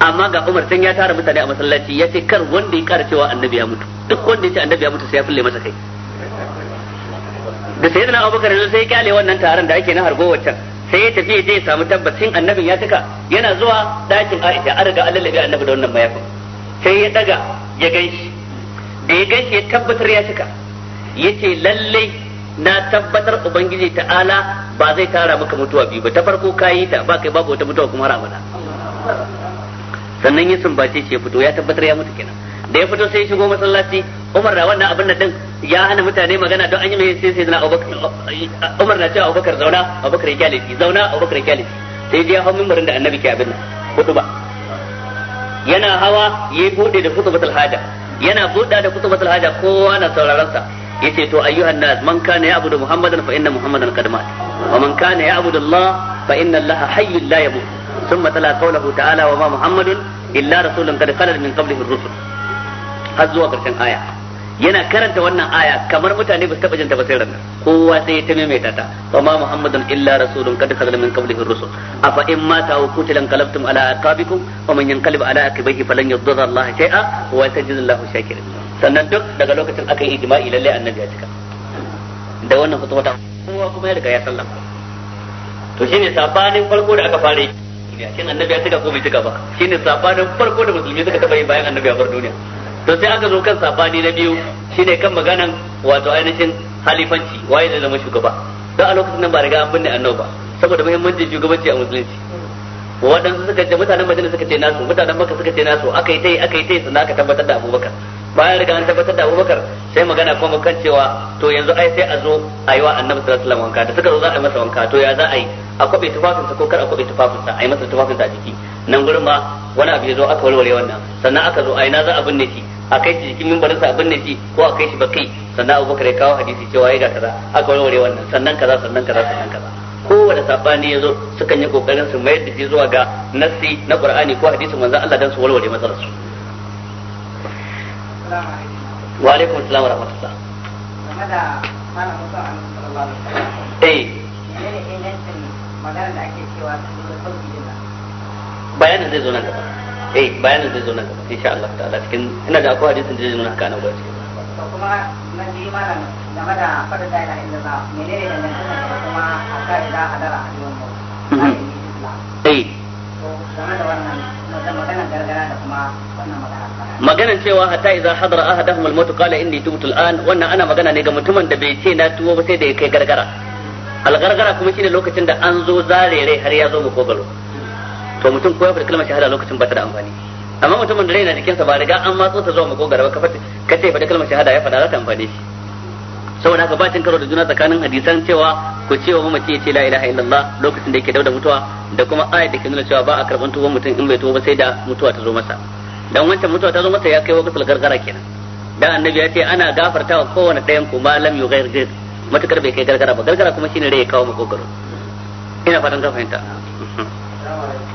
amma ga Umar can ya tara mutane a masallaci ya ce kar wanda ya kara cewa annabi ya mutu duk wanda ya ce annabi ya mutu sai ya fulle masa kai da sayyidina Abubakar sai ya kyale wannan taron da ake na hargo wacce sai ya tafi ya je ya samu tabbacin annabin ya cika yana zuwa dakin Aisha an riga an lallabe annabi da wannan mayafin sai ya daga ya ganshi da ya ganshi ya tabbatar ya cika ce lallai na tabbatar ubangiji ta'ala ba zai tara maka mutuwa biyu ba ta farko ka yi ta ba kai babu wata mutuwa kuma ramana sannan ya sumbace shi ya fito ya tabbatar ya mutu kenan da ya fito sai ya shigo masallaci Umar na wannan abin nan ya hana mutane magana don an yi mai sai sai na Umar na cewa Abubakar zauna Abubakar ya kyale shi zauna Abubakar ya kyale shi sai dai hawan mimbarin da Annabi ke abin nan hudu ba yana hawa yayi bude da khutbatul haja yana buɗa da khutbatul haja kowa na sauraron sa yace to ayyuhan nas man kana ya'budu Muhammadan fa inna Muhammadan qad mat wa man kana ya'budu Allah fa inna Allah hayyul la yamut thumma tala qawluhu ta'ala wa ma Muhammadun illa rasulun qad khalat min qablihi ar-rusul har zuwa karshen aya yana karanta wannan aya kamar mutane ba su taba jinta ba sai ranar kowa sai ya ta mai ta fa ma muhammadun illa rasulun kad khala min qablihi rusul afa in mata wa qutilan qalabtum ala aqabikum wa man yanqalib ala aqibihi falan yadurra Allah shay'a wa tajidullahu shakirin sannan duk daga lokacin akai ijma'i lalle annabi ya cika da wannan fatuwa ta kowa kuma ya riga ya sallama to shine sabanin farko da aka fara yi shin annabi ya cika ko bai cika ba shine sabanin farko da musulmi suka taba yi bayan annabi ya bar duniya to sai aka zo kan sabani na biyu shine kan maganan wato ainihin halifanci waye da zama shugaba don a lokacin nan ba riga an binne annabi ba saboda muhimmancin shugabanci a musulunci waɗansu suka ce mutanen madina suka ce nasu mutanen maka suka ce nasu aka yi tai aka yi tai sannan aka tabbatar da abubakar bayan riga an tabbatar da abubakar sai magana kuma kan cewa to yanzu ai sai a zo a yi wa annabi sallallahu alaihi wasallam wanka da suka zo za a yi masa wanka to ya za a yi a kwabe sa ko kar a kwabe sa a yi masa tufafinsa a jiki nan gurin ma wani abu ya zo aka walwale wannan sannan aka zo ai na za a binne shi a kai shi jikin mimbarin sa abin naji ko a kai shi ba kai sannan Abu bakar ya kawo hadisi cewa ya ga kaza aka warware wannan sannan kaza sannan kaza sannan kaza kowane sabani yazo sukan yi kokarin su mayar da shi zuwa ga nassi na qur'ani ko hadisin manzon Allah dan su warware matsalar su wa alaikum assalam wa rahmatullah da malam eh da ake cewa bayanin zai zo nan gaba eh bayanin zai zo nan gaba insha Allah ta'ala cikin ina da akwai hadisin da zai zo haka kana gaba cikin to kuma na ji malam game da fadin da ila inda mhm. za menene da nan kuma a ka ila hadara a yau eh game da wannan maganar gargara da kuma wannan magana maganan cewa hatta iza hadara ahadahum al-maut qala inni tubtu al-an wannan ana magana ne ga mutumin da bai ce na tuwo ba sai da ya kai gargara al-gargara kuma shine lokacin da an zo zare rai har ya zo mu makogalo to mutum ko ya fara kalmar shahada lokacin ba ta da amfani amma mutumin da raina jikinsa ba riga an matso ta zuwa makogara ba ka ce fada kalmar shahada ya fada za ta amfani. shi saboda haka bacin karo da juna tsakanin hadisan cewa ku cewa mamaci ya ce la ilaha illallah lokacin da yake dauda mutuwa da kuma ayat da ke nuna cewa ba a karban tuban mutum in bai tuba sai da mutuwa ta zo masa dan wancan mutuwa ta zo masa ya kai wa wakasul gargara kenan dan annabi ya ce ana wa kowane ɗayan ku ma lam yughayyir matukar bai kai gargara ba gargara kuma shine rai ya kawo makogaro ina fatan ka fahimta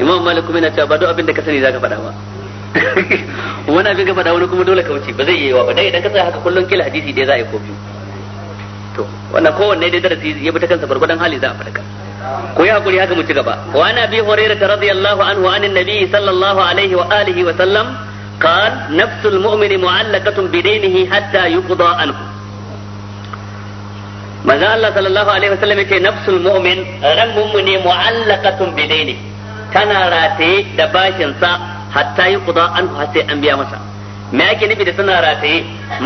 imam malik kuma yana cewa ba duk abin da ka sani zaka faɗa ba wani abin ka faɗa wani kuma dole ka wuce ba zai yi wa ba dai idan ka tsaya haka kullun kila hadisi dai za a yi ko biyu to wannan kowanne dai darasi ya bi ta kansa gurgudan hali za a farka ko ya hakuri haka mu ci gaba wa ana bi hurairah radiyallahu anhu anin nabiyyi sallallahu alaihi wa alihi wa sallam قال نفس المؤمن معلقة بدينه حتى يقضى عنه manzo Allah sallallahu alaihi wasallam yace nafsul mu'min ran mu'mini mu'allaqatun bidaini tana rataye da bashin sa hatta yi kuda an ku sai an biya masa me ake nufi da tana rataye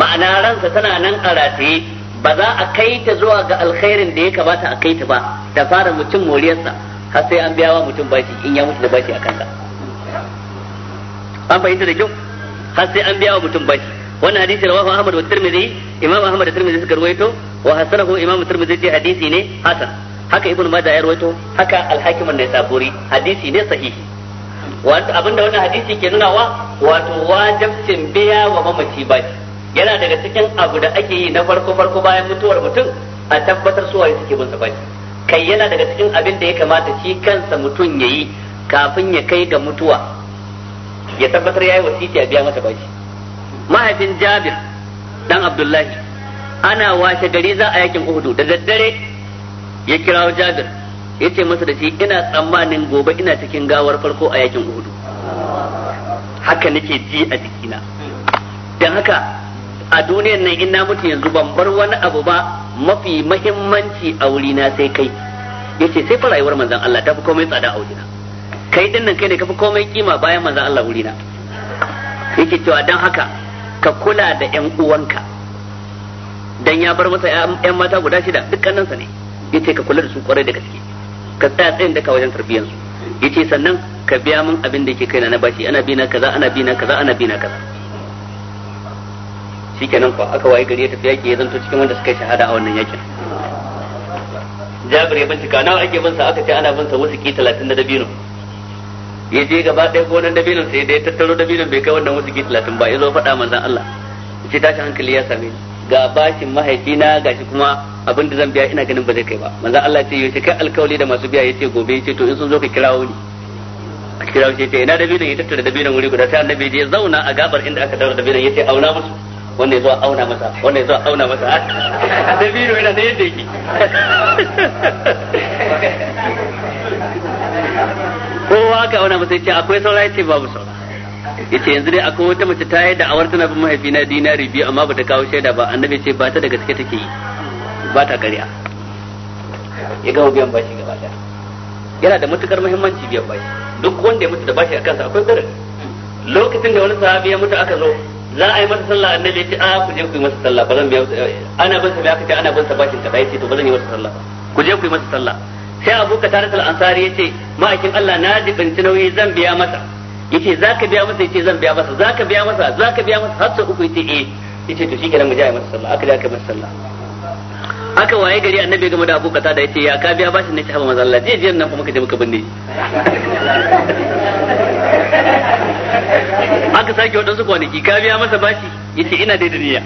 ma'ana ransa tana nan a rataye ba za a kai ta zuwa ga alkhairin da ya kamata a kai ta ba ta fara mutum moriyarsa har sai an biya wa mutum bashi in ya mutu da bashi a kansa an fahimta da kyau har sai an biya wa mutum bashi wannan hadisi wafa Ahmad wa Tirmidhi Imam Ahmad da Tirmidhi suka ruwaito wa hasanahu Imam Tirmidhi ce hadisi ne hasan haka ibn majah ya rawaito haka al-hakim an-naisaburi hadisi ne sahihi wato abinda wannan hadisi ke nuna wa wato wajibcin biya wa mamaci bashi yana daga cikin abu da ake yi na farko farko bayan mutuwar mutum a tabbatar su waye suke bin bashi kai yana daga cikin abin da ya kamata shi kansa mutum ya yi kafin ya kai ga mutuwa ya tabbatar yayi wasiti a biya masa bashi mahaifin Jabir dan Abdullahi ana washe gari za a yakin Uhudu da daddare ya kirawo Jabir yace masa da shi ina tsammanin gobe ina cikin gawar farko a yakin uhudu haka nake ji a jikina dan haka a duniyar nan in na mutu yanzu ban bar wani abu ba mafi mahimmanci a wurina sai kai yace sai fa rayuwar manzon Allah ta fi komai tsada a wurina kai din nan kai ne ka fi komai kima bayan manzon Allah wurina yake cewa dan haka ka kula da yan uwanka dan ya bar masa yan mata guda shida dukkaninsa ne yace ka kula da su kwarai da gaske ka tsaya tsayin daka wajen tarbiyyar su yace sannan ka biya min abin da yake kaina na bashi ana bina kaza ana bina kaza ana bina kaza shikenan fa aka waye gari ya tafi yaki ya zanto cikin wanda suka shahada a wannan yakin Jabir ya bincika nawa ake bin sa aka ce ana bin sa wasu ki 30 na dabino ya je gaba ɗaya gonan dabinon sai da ya tattaro dabinon bai kai wannan wasu ki 30 ba ya zo faɗa manzan Allah ya ce tashi hankali ya same ni ga bashin mahaifina gashi kuma abin da zan biya ina ganin ba zai kai ba manzo Allah ce yace kai alkawali da masu biya yace gobe yace to in sun zo ka kirawo ni a kirawo ce ina da dabinan yace tattara da dabinan wuri guda sai annabi ya zauna a gabar inda aka daura dabinan yace auna musu wanda ya zo auna masa wanda ya zo auna masa da dabino yana da yadda yake kowa aka auna masa yace akwai saura yace babu saura yace yanzu dai akwai wata mace ta yi da'awar tana bin mahaifina dinari biyu amma bata kawo shaida ba annabi ce ba ta da gaske take yi ba ta ƙarya ya gama biyan bashi gaba ɗaya yana da matukar muhimmanci biyan bashi duk wanda ya mutu da bashi a kansa akwai garin lokacin da wani sahabi ya mutu aka zo za a yi masa sallah annabi ya ce a ah, ku je ku yi masa sallah ba zan biya eh, ana bin sa aka ce ana bin sa bashin ka yace to ba zan yi masa sallah ku je ku yi masa sallah sai Abu Katar al-Ansari yace ma'aikin Allah na ji jibinci nauyi zan biya masa yace zaka biya masa yace zan biya masa zaka biya masa zaka biya masa har sai uku yace eh yace to shikenan mu je a yi masa sallah aka je aka yi masa sallah Haka waye gari annabi ya gama da abu kata da yace ya ka biya bashin ne ci haba manzo Allah je jiyan nan kuma ka je muka binne aka sake waɗansu kwanaki ka biya masa bashi yace ina da duniya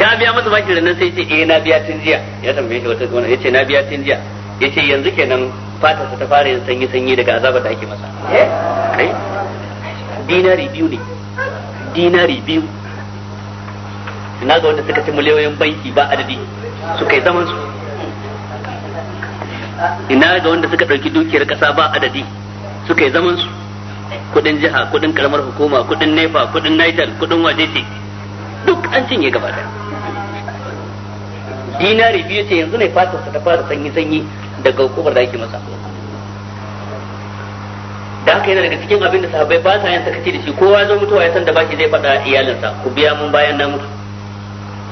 ka biya masa bashi da nan sai yace eh na biya tun jiya ya tambaye shi wata gona yace na biya tun jiya yace yanzu kenan fatar ta fara yin sanyi sanyi daga azabar da ake masa kai dinari biyu ne dinari biyu na ga wanda suka ci miliyoyin banki ba adadi suka yi zaman su ina ga wanda suka ɗauki dukiyar ƙasa ba adadi suka yi zaman su kudin jiha kudin karamar hukuma kudin nefa kudin naitar kudin wajeci duk an cinye gaba da dinari biyu ce yanzu ne fatarsa ta fara sanyi-sanyi daga kubar da ake masa da haka yana daga cikin abin da sahabbai ba sa yin sakaci da shi kowa zo mutuwa ya san da baki zai faɗa iyalinsa ku biya mun bayan na mutu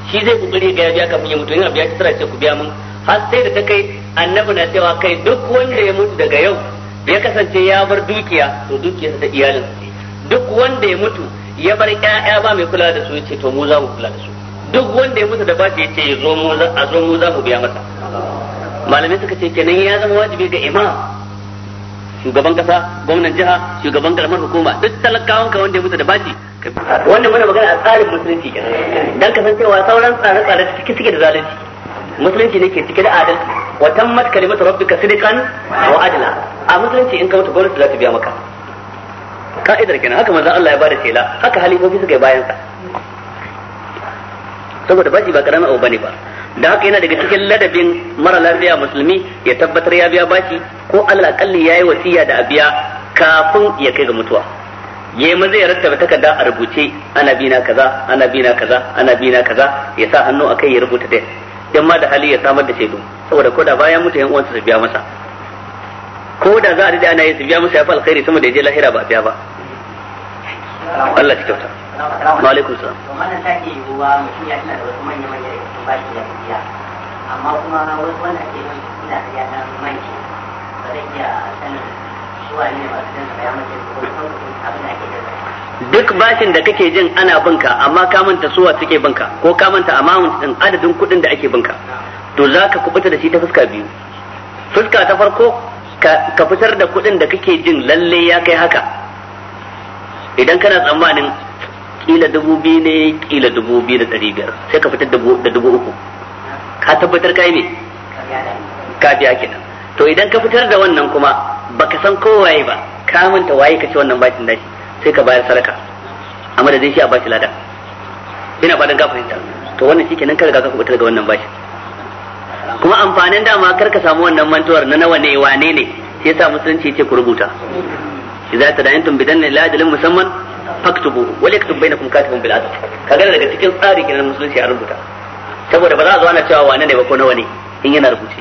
shi zai kokari ga ya biya kafin ya mutu yana biya sutura ce ku biya mun har sai da ta kai annabi na cewa kai duk wanda ya mutu daga yau ya kasance ya bar dukiya to dukiyarsa da iyalin duk wanda ya mutu ya bar ƴaƴa ba mai kula da su yace to mu za mu kula da su duk wanda ya mutu da bashi yace ya zo mu a zo mu za mu biya masa malamai suka ce kenan ya zama wajibi ga imam shugaban kasa gwamnan jiha shugaban karamar hukuma duk talakawan ka wanda ya mutu da baci wannan muna magana a tsarin musulunci dan kasancewa sauran tsare-tsare ciki suke da zalunci musulunci ne ke cike da adalci wa tammat kalimatu rabbika sidqan wa adla a musulunci in ka mutu gwamnati za ta biya maka ka'idar kenan haka manzon Allah ya bada shela haka halifofi suka yi bayan sa saboda baci ba karamin abu bane ba da haka yana daga cikin ladabin mara lafiya musulmi ya tabbatar ya biya bashi ko alal ya yi wasiya da abiya kafin ya kai ga mutuwa yayi maza ya rattaba takarda a rubuce ana bina kaza ana bina kaza ana bina kaza ya sa hannu kai ya rubuta dai dan ma da hali ya samar da shaidu saboda ko da bayan mutu yan uwansa su biya masa ko da za a dade ana yi su biya masa ya fi alkhairi sama da ya je lahira ba a biya ba Allah shi kyauta wa alaikum salam to wannan ta ke yiwuwa mutum ya tana da wasu manyan manyan da bashi da biya amma kuma wasu wannan ke yin ina da ya dan manci ba zai iya sanin su wane ne masu ya bayan mace ko kuma abin da ake da duk bashin da kake jin ana binka amma ka manta suwa suke binka ko ka manta amount din adadin kuɗin da ake binka to za ka kubuta da shi ta fuska biyu fuska ta farko ka fitar da kuɗin da kake jin lalle ya kai haka idan kana tsammanin kila dubu biyu ne kila dubu biyu da ɗari biyar sai ka fitar da dubu uku ka tabbatar kai ne ka biya kenan to idan ka fitar da wannan kuma baka san kowaye ba ka manta waye ka ci wannan bakin dashi sai ka bayar sadaka a madadin shi a bashi lada ina fatan ka fahimta to wannan shi kenan ka riga ka kubutar da wannan bashi kuma amfanin dama kar ka samu wannan mantuwar na nawa ne wane ne shi yasa musulunci ce ku rubuta idza تدعنتم بدن لا ajalin musamman فاكتبوه وليكتب بينكم كاتب بالعدل bil لك تكن daga cikin tsari kenan musulunci a saboda ba za a zo ana cewa wane ne ba ko nawa ne in yana rubuce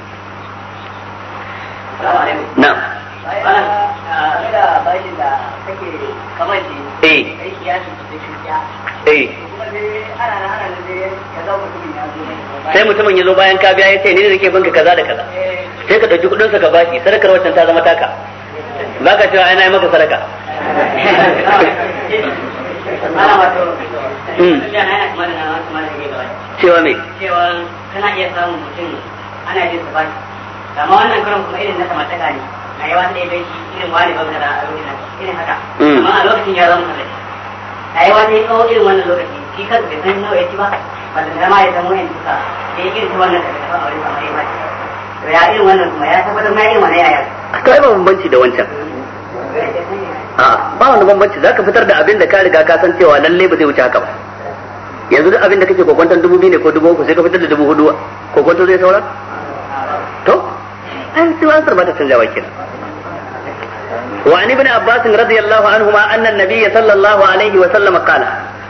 sai mutumin ya zo bayan ka biya ya ce ni ne nake banka kaza da kaza sai ka ɗauki kuɗinsa ka bashi sadakar wancan ta zama taka ba ka cewa ina yi maka sadaka hmm. cewa me cewa kana iya samun mutum ana yin bashi wannan karon kuma irin na ne a yawa shi irin wani ba da a irin haka hmm. amma a lokacin ya zama a yawa tsawo irin wannan lokaci shi bai san ba ba da ya zama yanzu da ya irin ta wannan ya ya irin wannan kuma ya tabbatar ba da wancan a ba wani bambanci za ka fitar da abin da ka riga ka san cewa lalle ba zai wuce haka ba yanzu duk abin da kake kokwanton dubu biyu ne ko dubu uku sai ka fitar da dubu hudu kokwanto zai saura to an ci wansar ba ta canjawa kenan وعن ابن عباس رضي الله annan أن النبي صلى alaihi wa sallama قال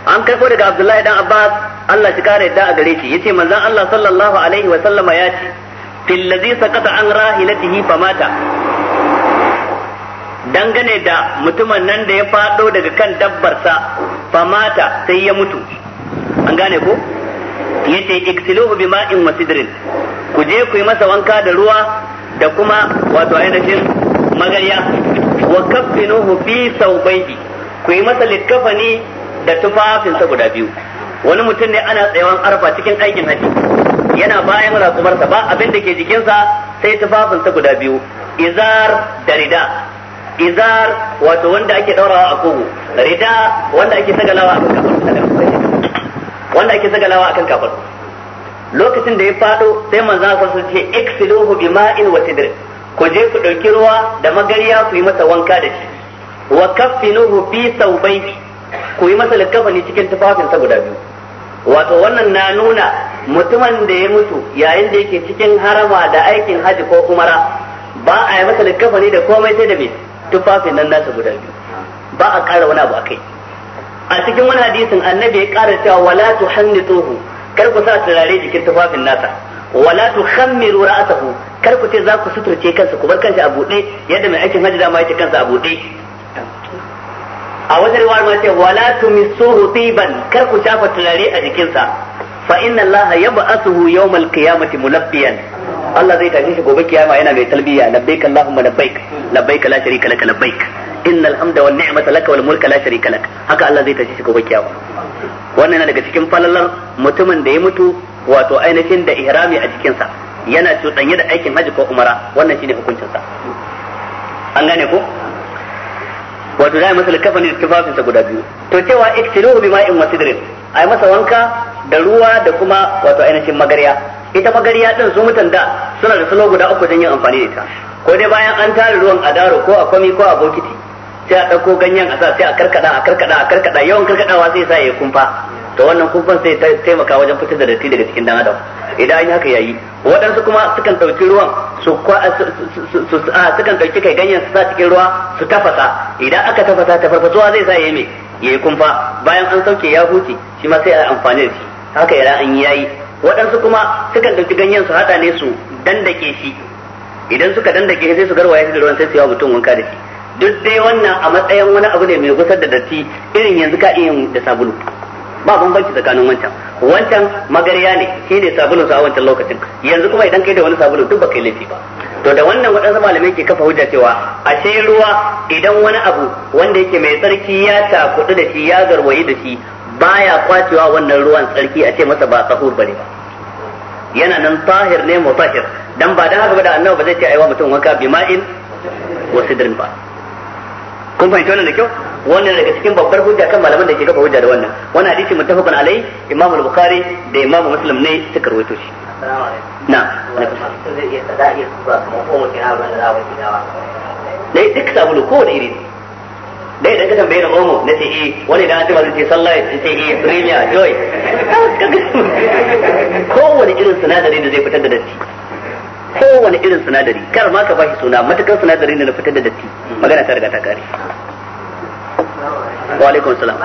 an karɓo daga Abdullahi dan Abbas Allah shi kare yadda a gare shi yace manzon Allah sallallahu alaihi wa sallama ya ce fil ladhi sakata an rahinatihi famata dangane da mutumin nan da ya fado daga kan dabbarsa famata sai ya mutu an gane ko yace iksiluhu wa wasidrin ku je ku yi masa wanka da ruwa da kuma wato ainihin magarya wa kaffinuhu fi saubayhi ku yi masa likkafani da tufafinsa guda biyu wani mutum ne ana tsayawan arfa cikin aikin haji yana bayan rasumarsa ba abin da ke jikinsa sai tufafinsa guda biyu izar da rida izar wato wanda ake daurawa a kogo rida wanda ake sagalawa akan kafar wanda ake sagalawa akan kafar lokacin da ya fado sai manzo Allah su ce iksiluhu bima'in wa sidr ku je ku dauki ruwa da magariya ku yi masa wanka da shi wa kaffinuhu sau bai ku yi masa likafani cikin tufafinsa guda biyu wato wannan na nuna mutumin da ya mutu yayin da yake cikin harama da aikin haji ko umara ba a yi masa likafani da komai sai da mai tufafin nan nasa guda biyu ba a ƙara wani abu akai a cikin wani hadisin annabi ya ƙara cewa wala tu tuhannituhu kar ku sa turare jikin tufafin nasa wala tu tukhammiru ra'sahu kar ku ce za ku suturce kansa ku bar kansa a buɗe yadda mai aikin haji dama yake kansa a buɗe a wata riwayar ma ce wala tumissuhu tiban kar ku shafa turare a jikinsa fa inna allaha yab'athuhu yawmal mulabbiyan Allah zai tashi shi gobe kiyama yana mai talbiya labbaik allahumma la sharika innal hamda wan ni'mata wal mulka la sharika haka Allah zai tashi shi gobe kiyama wannan yana daga cikin falalar mutumin da ya mutu wato ainihin da ihrami a jikinsa yana cuɗanye da aikin haji ko umara wannan shine an ko wato za a masa likafani da tufafinsa guda biyu to cewa iktiluhu bima'in wa sidrin a yi masa wanka da ruwa da kuma wato ainihin magarya ita magarya din su mutan da suna da salo guda uku don yin amfani da ita ko dai bayan an tare ruwan a daro ko a kwami ko a bokiti sai a ɗauko ganyen a sa sai a karkada a karkada a karkada yawan karkadawa sai sa ya kumfa to wannan kumfan sai taimaka wajen fitar da datti daga cikin dan adam idan an yi haka yayi waɗansu kuma sukan ɗauki ruwan su sukan ɗauki kai ganyen su sa cikin ruwa su tafasa idan aka tafasa ta farfasuwa zai sa yayi me yayi kumfa bayan an sauke ya huce shi ma sai a amfani da shi haka idan an yi yayi waɗansu kuma sukan ɗauki ganyen su haɗa ne su dandake shi idan suka dandake shi sai su garwaya shi da ruwan sai su yi wa mutum wanka da shi duk dai wannan a matsayin wani abu ne mai gusar da datti irin yanzu ka iya da sabulu ba bambanci tsakanin wancan wancan magariya ne Shi ne sabulun sa a wancan lokacin yanzu kuma idan kai da wani sabulu duk baka yi laifi ba to da wannan waɗansu malamai ke kafa hujja cewa ashe ruwa idan wani abu wanda yake mai tsarki ya takudu da shi ya garwayi da shi baya kwacewa wannan ruwan tsarki a ce masa ba tsahur bane ba yana nan tahir ne mutahhir dan ba dan haka ba da annabi ba zai ce aiwa mutum wanka bima'in sidrin ba kun fahimta wannan da kyau wannan daga cikin babbar hujja kan malaman da ke kafa hujja da wannan wannan hadisi muttafaqun alai imamu al-bukhari da imamu muslim ne suka rawaito shi na dai duk sabulu ko da iri dai idan ka tambaye na omo na ce eh wani da an ce mazin ce sallah ya ce eh premier joy kowane irin sinadari da zai fitar da datti kowane irin sinadari kar ma ka bashi suna matakan sinadari ne na fitar da datti magana ta riga ta kare wa alaikum salam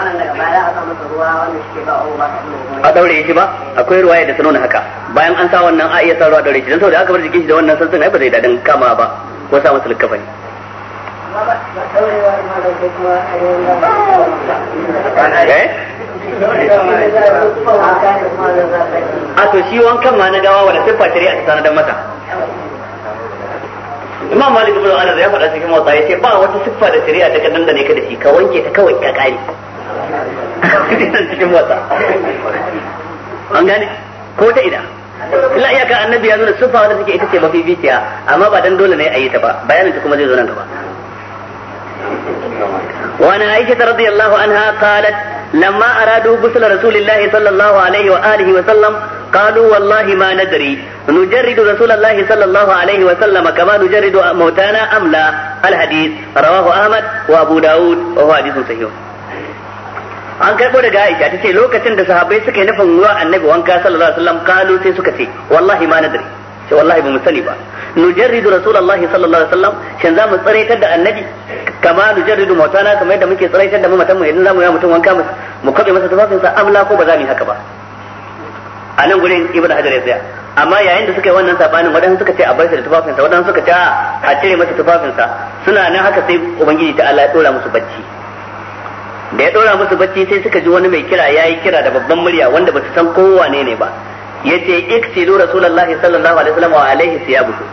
a daure shi ba akwai ruwaya da sanona haka bayan an sa wannan a iya sa ruwa daure shi dan saboda aka bar jikin shi da wannan sansan ai ba zai dadin kama ba ko sa masa likkafa ne eh? a to shi wankan ma na gawa wala sai face a tsana dan mata. imam malik ibn anas ya faɗa cikin motsa yace ba wata siffa da shari'a ta kadan da ne ka da shi ka wanke ta kawai ka kare cikin motsa an gane ko ta ina illa iyaka annabi ya nuna siffa wanda take ita ce mafi biciya amma ba dan dole ne a yi ta ba bayanin ta kuma zai zo nan gaba وعن عائشة رضي الله عنها قالت لما أرادوا غسل رسول الله صلى الله عليه وآله وسلم قالوا والله ما ندري نجرد رسول الله صلى الله عليه وسلم كما نجرد موتانا أم لا الحديث رواه أحمد وأبو داود وهو حديث صحيح an karɓo daga Aisha tace lokacin da sahabbai suka yi nufin ruwa annabi wanka sallallahu alaihi wasallam kalu sai suka ce wallahi ma nadari sai wallahi ba mu sani ba nujarridu rasulullahi sallallahu alaihi wasallam shin za mu tsaraitar da annabi kama nujarridu mautana kamar yadda muke tsaraitar da mamatan mu idan za mu yi mutum wanka mu kwabe masa tufafinsa amla ko ba za mu yi haka ba a nan gurin ibn hajar ya tsaya amma yayin da suka yi wannan sabanin wadansu suka ce a bar shi da tufafinsa wadansu suka ce a cire masa tufafinsa suna nan haka sai ubangiji ta Allah ya dora musu bacci da ya dora musu bacci sai suka ji wani mai kira yayi kira da babban murya wanda ba su san kowane ne ba yace do rasulullahi sallallahu alaihi wasallam wa alaihi siyabuhu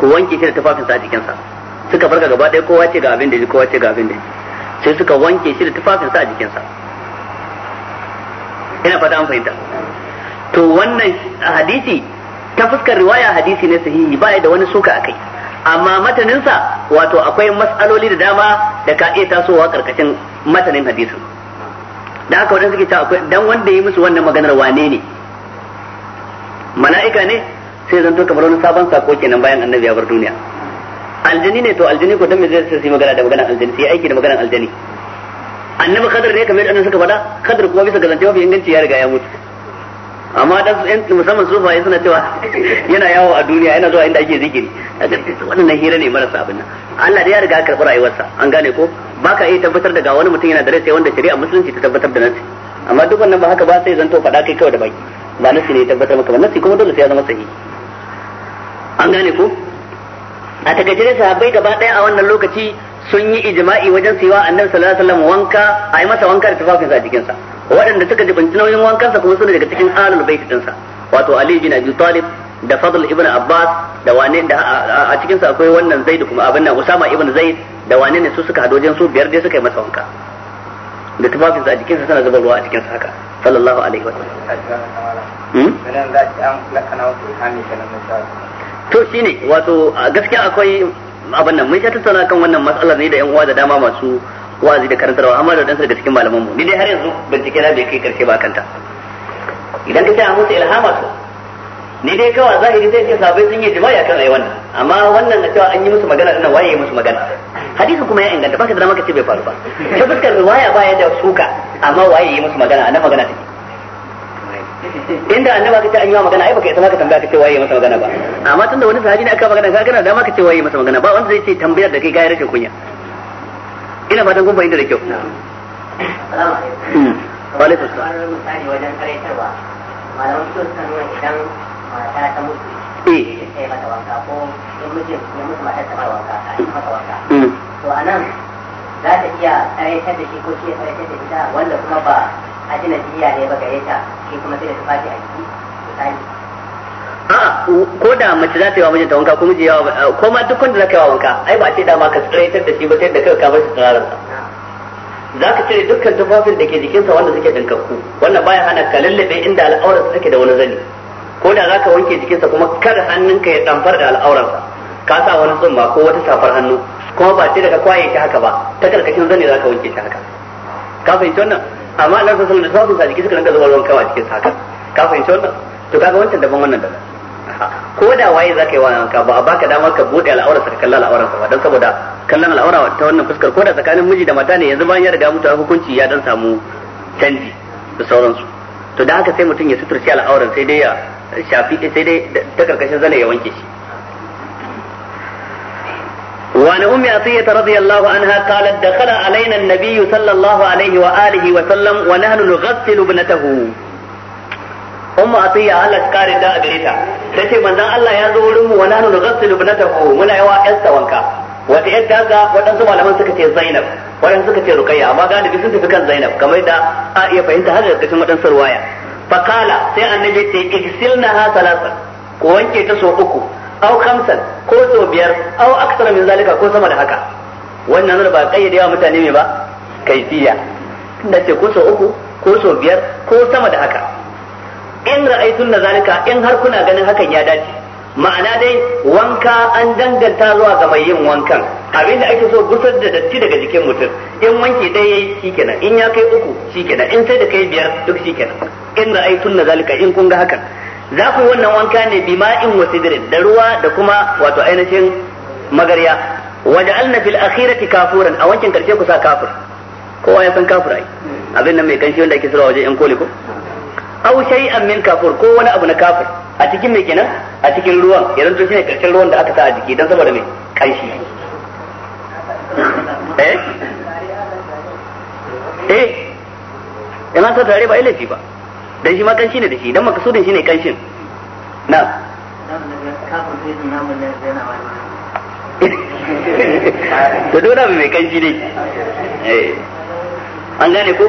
ku wanke shi da tufafinsa a jikinsa suka farka gaba ɗaya kowa ce ga abin da ji kowa ce ga abin da ji sai suka wanke shi da tufafinsa a jikinsa ina fata an fahimta to wannan hadisi ta fuskar riwaya hadisi ne sahihi ba da wani suka akai amma mataninsa wato akwai mas'aloli da dama da ka iya tasowa karkashin matanin hadisin da haka wadanda suke cewa dan wanda ya musu wannan maganar wane ne mala'ika ne sai zan kamar wani sabon sako kenan bayan annabi ya bar duniya aljini ne to aljini ko dan me zai sai magana da maganar aljini sai aiki da maganar aljini annabi kadar ne kamar yadda suka faɗa kadar kuma bisa ga zancewa bai inganci ya riga ya mutu amma dan musamman ya suna cewa yana yawo a duniya yana zuwa inda ake zikiri wannan hira ne marasa abin nan Allah da ya riga karɓi rayuwarsa an gane ko baka iya tabbatar da ga wani mutum yana da rai sai wanda shari'a musulunci ta tabbatar da nasi amma duk wannan ba haka ba sai zanto faɗa kai kawai da baki ba nasi ne tabbatar maka ba nasi kuma dole sai ya zama sahihi an gane ko a takaice sahabbai gaba ɗaya a wannan lokaci sun yi ijma'i wajen siwa annabi sallallahu alaihi wasallam wanka a yi masa wanka da tufafinsa a jikinsa waɗanda suka jibanci nauyin wankansa kuma suna daga cikin alul baiti dinsa wato ali bin abi talib da fadl ibn abbas da wane da a cikin sa akwai wannan zaid kuma abin nan usama ibn zaid da wane ne su suka hado jin su biyar dai suka yi masa wanka da sa a jikinsa suna zuba ruwa a cikin sa haka sallallahu alaihi wa to shine wato gaskiya akwai abin nan mun sha tattauna kan wannan matsalar ne da yan uwa da dama masu wa'azi da karantarwa amma da wadansu daga cikin malaman mu ni dai har yanzu bincike na bai kai karshe ba kanta idan kace an musu ilhama su ni dai kawa zahiri zai ce sabai sun yi jima'i akan ayi wannan amma wannan na cewa an yi musu magana dinnan waye yi musu magana hadisi kuma ya inganta baka da maka ce bai faru ba ta fuskar riwaya ba ya da suka amma waye yi musu magana anan magana take inda annaba kace an yi magana ai baka isa maka tambaya kace waye masa magana ba amma tunda wani sahabi ne aka magana ka kana maka ce waye masa magana ba wanda zai ce tambayar da kai ga rashin kunya ina fatan kun fahimta da kyau hmm. wa alaikum misali wajen karaitarwa su nuna idan mata ta mutu eh. mata wanka ko in ya mutu mata ta wanka a yi mata wanka hmm. to anan za ta iya karaitar da shi ko shi ya karaitar da ita wanda kuma ba a jina jiya ne ba gare ta shi kuma sai da tufafi a jiki misali a ko da mace za ta yi wa mijinta wanka ko miji yawa eh, ko ma duk wanda za ka yi wa wanka ai ba ce da ma ka tsiraitar da shi ba ta yadda kai ka bashi shi tsirarar za ka cire dukkan tufafin da ke jikinsa wanda suke dinkakku wannan baya hana ka lallabe inda al'aurarsa take da wani zani ko da za ka wanke jikinsa kuma kar hannunka ya damfar da al'aurarsa ka sa wani tsumma ko wata safar hannu kuma ba ce daga kwaye shi haka ba ta karkashin zani za ka wanke shi haka ka fahimci wannan amma Allah sun da tufafin sa jiki suka rinka zuba ruwan kawai cikin haka ka fahimci wannan to kaga wancan daban wannan daban minha ko da waye zaka yi wa wanka ba baka damar ka bude al'aura ka kalla al'aura ba dan saboda kallon al'aura ta wannan fuskar ko da tsakanin miji da mata ne yanzu bayan ya riga mutuwa hukunci ya dan samu canji da sauransu to da haka sai mutum ya suturci al'auran sai dai ya shafi sai dai ta karkashin zane ya wanke shi وعن أم عطية رضي الله عنها قالت دخل علينا النبي صلى الله عليه وآله وسلم ونحن نغسل ابنته umma atiya Allah ta kare da a gare ta tace manzan Allah ya zo wurin mu wa nanu nughassilu ko muna yawa yarsa wanka wata yar daga waɗansu malaman suka ce Zainab waɗansu suka ce Ruqayya amma galibi sun tafi kan Zainab kamar da a iya fahimta har daga cikin waɗansu ruwaya fakala sai annabi ce ha salasa ko wanke ta so uku au khamsan ko so biyar au aktsara min zalika ko sama da haka wannan nan ba kayyade wa mutane ne ba kaifiya da ce ko so uku ko so biyar ko sama da haka in ra'aytun na zalika in har kuna ganin hakan ya dace ma'ana dai wanka an danganta zuwa ga mai yin wankan abinda da ake so gusar da datti daga jikin mutum in wanki dai yayi shikenan in ya kai uku shikenan in sai da kai biyar duk shikenan in ra'aytun na zalika in kun ga hakan za ku wannan wanka ne bi bima'in wasidirin da ruwa da kuma wato ainihin magarya waja'alna fil akhirati kafuran a wankin karshe ku sa kafir kowa ya san kafir ai abin nan mai kanshi wanda ake sura waje in koli ko aw shay'an min kafur ko wani abu na kafir a cikin me kenan a cikin ruwan ya zanto shine karshen ruwan da aka sa a jiki dan saboda me kanshi eh eh ina ta tare ba ilafi ba dan shi ma kanshi ne da shi dan makasudin shine kanshin na to dole mai kanshi ne eh an gane ko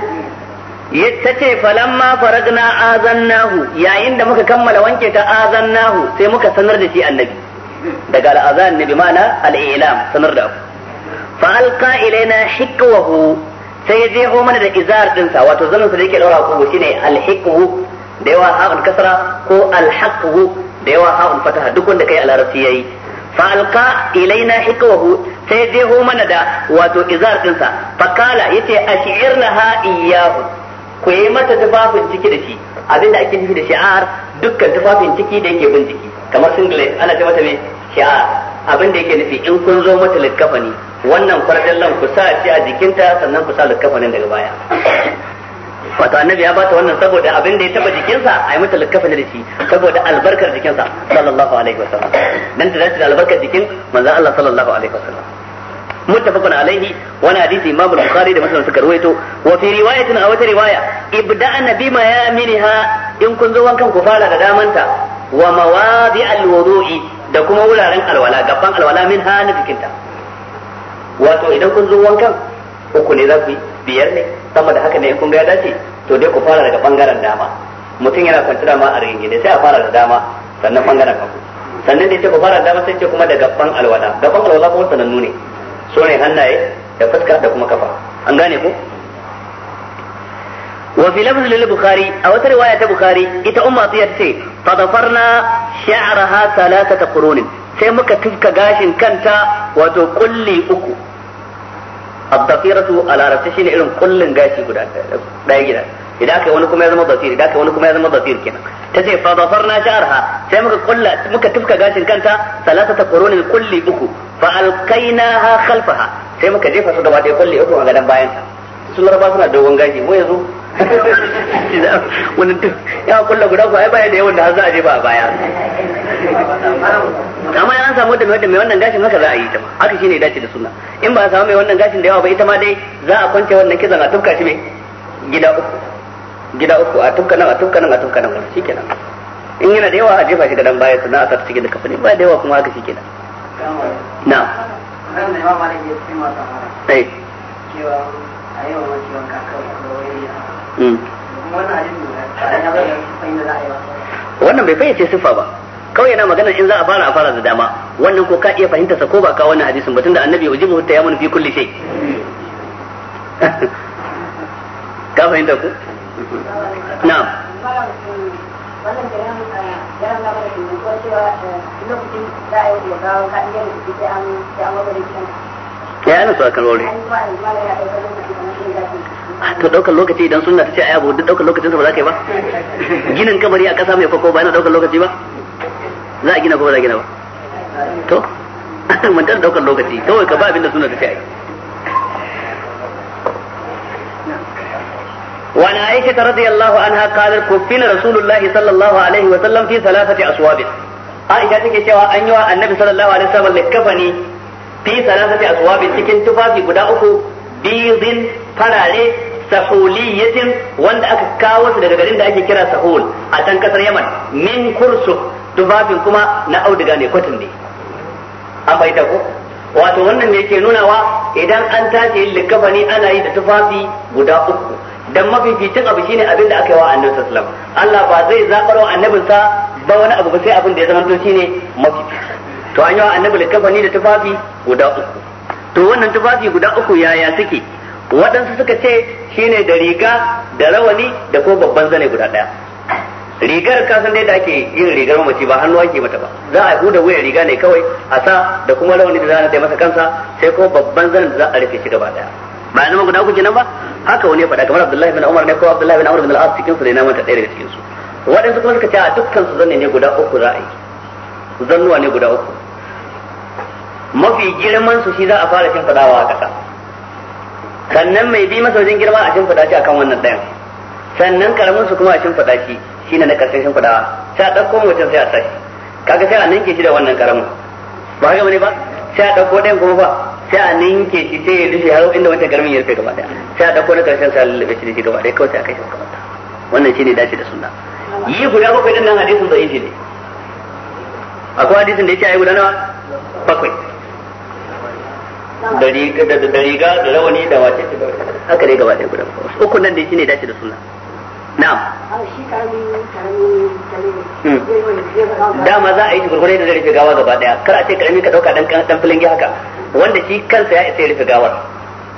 ta ce falamma faragna azannahu yayin da muka kammala wanke ta azannahu sai muka sanar da shi annabi daga al'azan ne bi ma'ana al'ilam sanar da ku. fa alqa ilaina hikwahu sai ya jeho mana da izar dinsa wato zanin sa da yake daura ko shine al-hikwu da yawa ha'un kasra ko al-haqwu da yawa ha'un fataha duk wanda kai a larabci yayi fa alqa ilaina hikwahu sai ya jeho mana da wato izar dinsa fa kala yace ha iyyahu ku yi mata tufafin ciki da shi da ake nufi da shi'ar dukkan tufafin ciki da yake bin jiki kamar singlet ana ta mata me shi'ar da yake nufi in kun zo mata likkafani wannan kwarjallan ku sa shi a jikinta sannan ku sa likkafanin daga baya wato annabi ya bata wannan saboda abin da ya taba jikinsa a yi mata likkafa da shi saboda albarkar jikinsa sallallahu alaihi wasallam dan ta dace da albarkar jikin manzon Allah sallallahu alaihi wasallam متفق alaihi وانا حديث امام البخاري da مثلا suka ruwaito wa fi a wata riwaya ibda'na bima yaminha in kun zo wankan ku fara da damanta wa mawadi alwudu'i da kuma wuraren gaban ha na wato idan kun zo wankan uku ne za ku biyar ne sama da haka ne kun ga dace to dai ku fara daga bangaren dama mutum yana kwanci dama a rigingine sai a fara da dama sannan bangaren hagu sannan da ita ku fara dama sai ce kuma da gaban alwala gaban alwala kuma sanannu ne so ne hannaye da fuska da kuma kafa an gane ko wa fi lafzul bukhari a wata riwaya ta bukhari ita umma ta ce dafarna sha'raha thalathata qurun sai muka tufka gashin kanta wato kulli uku الضفيرة على رأسه ne irin kullin gashi guda daya gida idan kai wani kuma ya zama basir idan kai wani kuma ya zama basir kenan ta ce fa dafarna sha'arha sai muka kulla muka tufka gashin kanta ta qurunin kulli uku fa alqainaha khalfaha sai muka jefa su gaba da kulli uku a gadan bayan su laraba suna dogon gashi mu yanzu wani duk ya kulla guda ku ai bayan da yawan da har za a je ba a baya amma an samu da mai wannan gashin haka za a yi ta ma haka shine dace da sunna in ba a samu mai wannan gashin da yawa ba ita ma dai za a kwance wannan kizan a tufka shi mai gida uku gida uku a tufka nan a tufka nan a tufka nan wani shikenan in yana da yawa a jefa shi gadan baya sannan a sa cikin da kafani ba da yawa kuma haka shikenan eh. mm. na wannan bai fayyace siffa ba kawai yana magana in za a fara a fara da dama wannan ko ka iya fahimta sa ko ba ka wannan hadisin batun da annabi ya mu ta yamun fi kulli shay ka fahimta ko na'am wannan kiran kiran gaba da a yi da ya yana suwa kan aure ah, to daukar lokaci idan suna ta ce ai abu duk daukar lokacin ba za ka yi ba ginin kamari a kasa mai kwakwa ba yana daukar lokaci ba za a gina ko ba za a gina ba to mun daukar lokaci kawai ka ba abinda suna ta ce a yi. وعن عائشة رضي الله عنها قالت كفين رسول الله صلى الله عليه وسلم في ثلاثة أصواب عائشة تكي شوى أن يوى النبي صلى الله عليه وسلم لكفني في ثلاثة أصواب تكن تفافي قداؤك بيض فرالي sahuliyatin wanda aka kawo su daga garin da ake kira sahul a can kasar yaman min kursu tufafin kuma na auduga ne kwatin ne an fahimta ko wato wannan ne yake nunawa idan an tashi yin likafani ana yi da tufafi guda uku dan mafificin abu shine abin da aka yi wa annabi sallallahu Allah ba zai zabar wa annabinsa ba wani abu ba sai abin da ya zama to shine mafifi to an yi wa annabi likafani da tufafi guda uku to wannan tufafi guda uku yaya suke waɗansu suka ce shine da riga da rawani da ko babban zane guda ɗaya rigar kasan dai da ake yin rigar mace ba hannu ake mata ba za a huda wuyan riga ne kawai a sa da kuma rawani da za a masa kansa sai ko babban zanen da za a rufe shi gaba ɗaya ba ya zama guda uku kenan ba haka wani ya faɗa kamar Abdullahi bin Umar ne ko Abdullahi bin umar bin al cikin su ne na manta ɗaya daga cikin su waɗansu kuma suka ce a dukkan su zanne ne guda uku za a yi zannuwa ne guda uku mafi girman su shi za a fara fadawa a ƙasa sannan mai bi masa wajen girma a fadaci a kan wannan ɗayan sannan karamin su kuma a fadaci shi ne na ƙarshen fadawa sai a ɗauko mutum sai a sashi kaga sai a ninke shi da wannan karamin ba haka ne ba sai a ɗauko ɗayan kuma ba sai a ninke shi sai ya rufe har inda wancan garmin ya rufe gaba daya sai a dauko na karshen sai a lullube shi da shi gaba daya kawai sai a kai shi makamanta wannan shine dace da sunna yi guda bakwai din nan hadisin da ne akwai hadisin da yake ayi guda nawa bakwai da riga da riga da rawani da wace ce haka dai gaba daya guda bakwai uku nan da shine dace da sunna na'am hmm. ma. za a yi shi gurgurai da zai rufe gawa gaba daya kar a ce karami ka dauka dan dan filin haka wanda shi kansa ya isa ya rufe gawar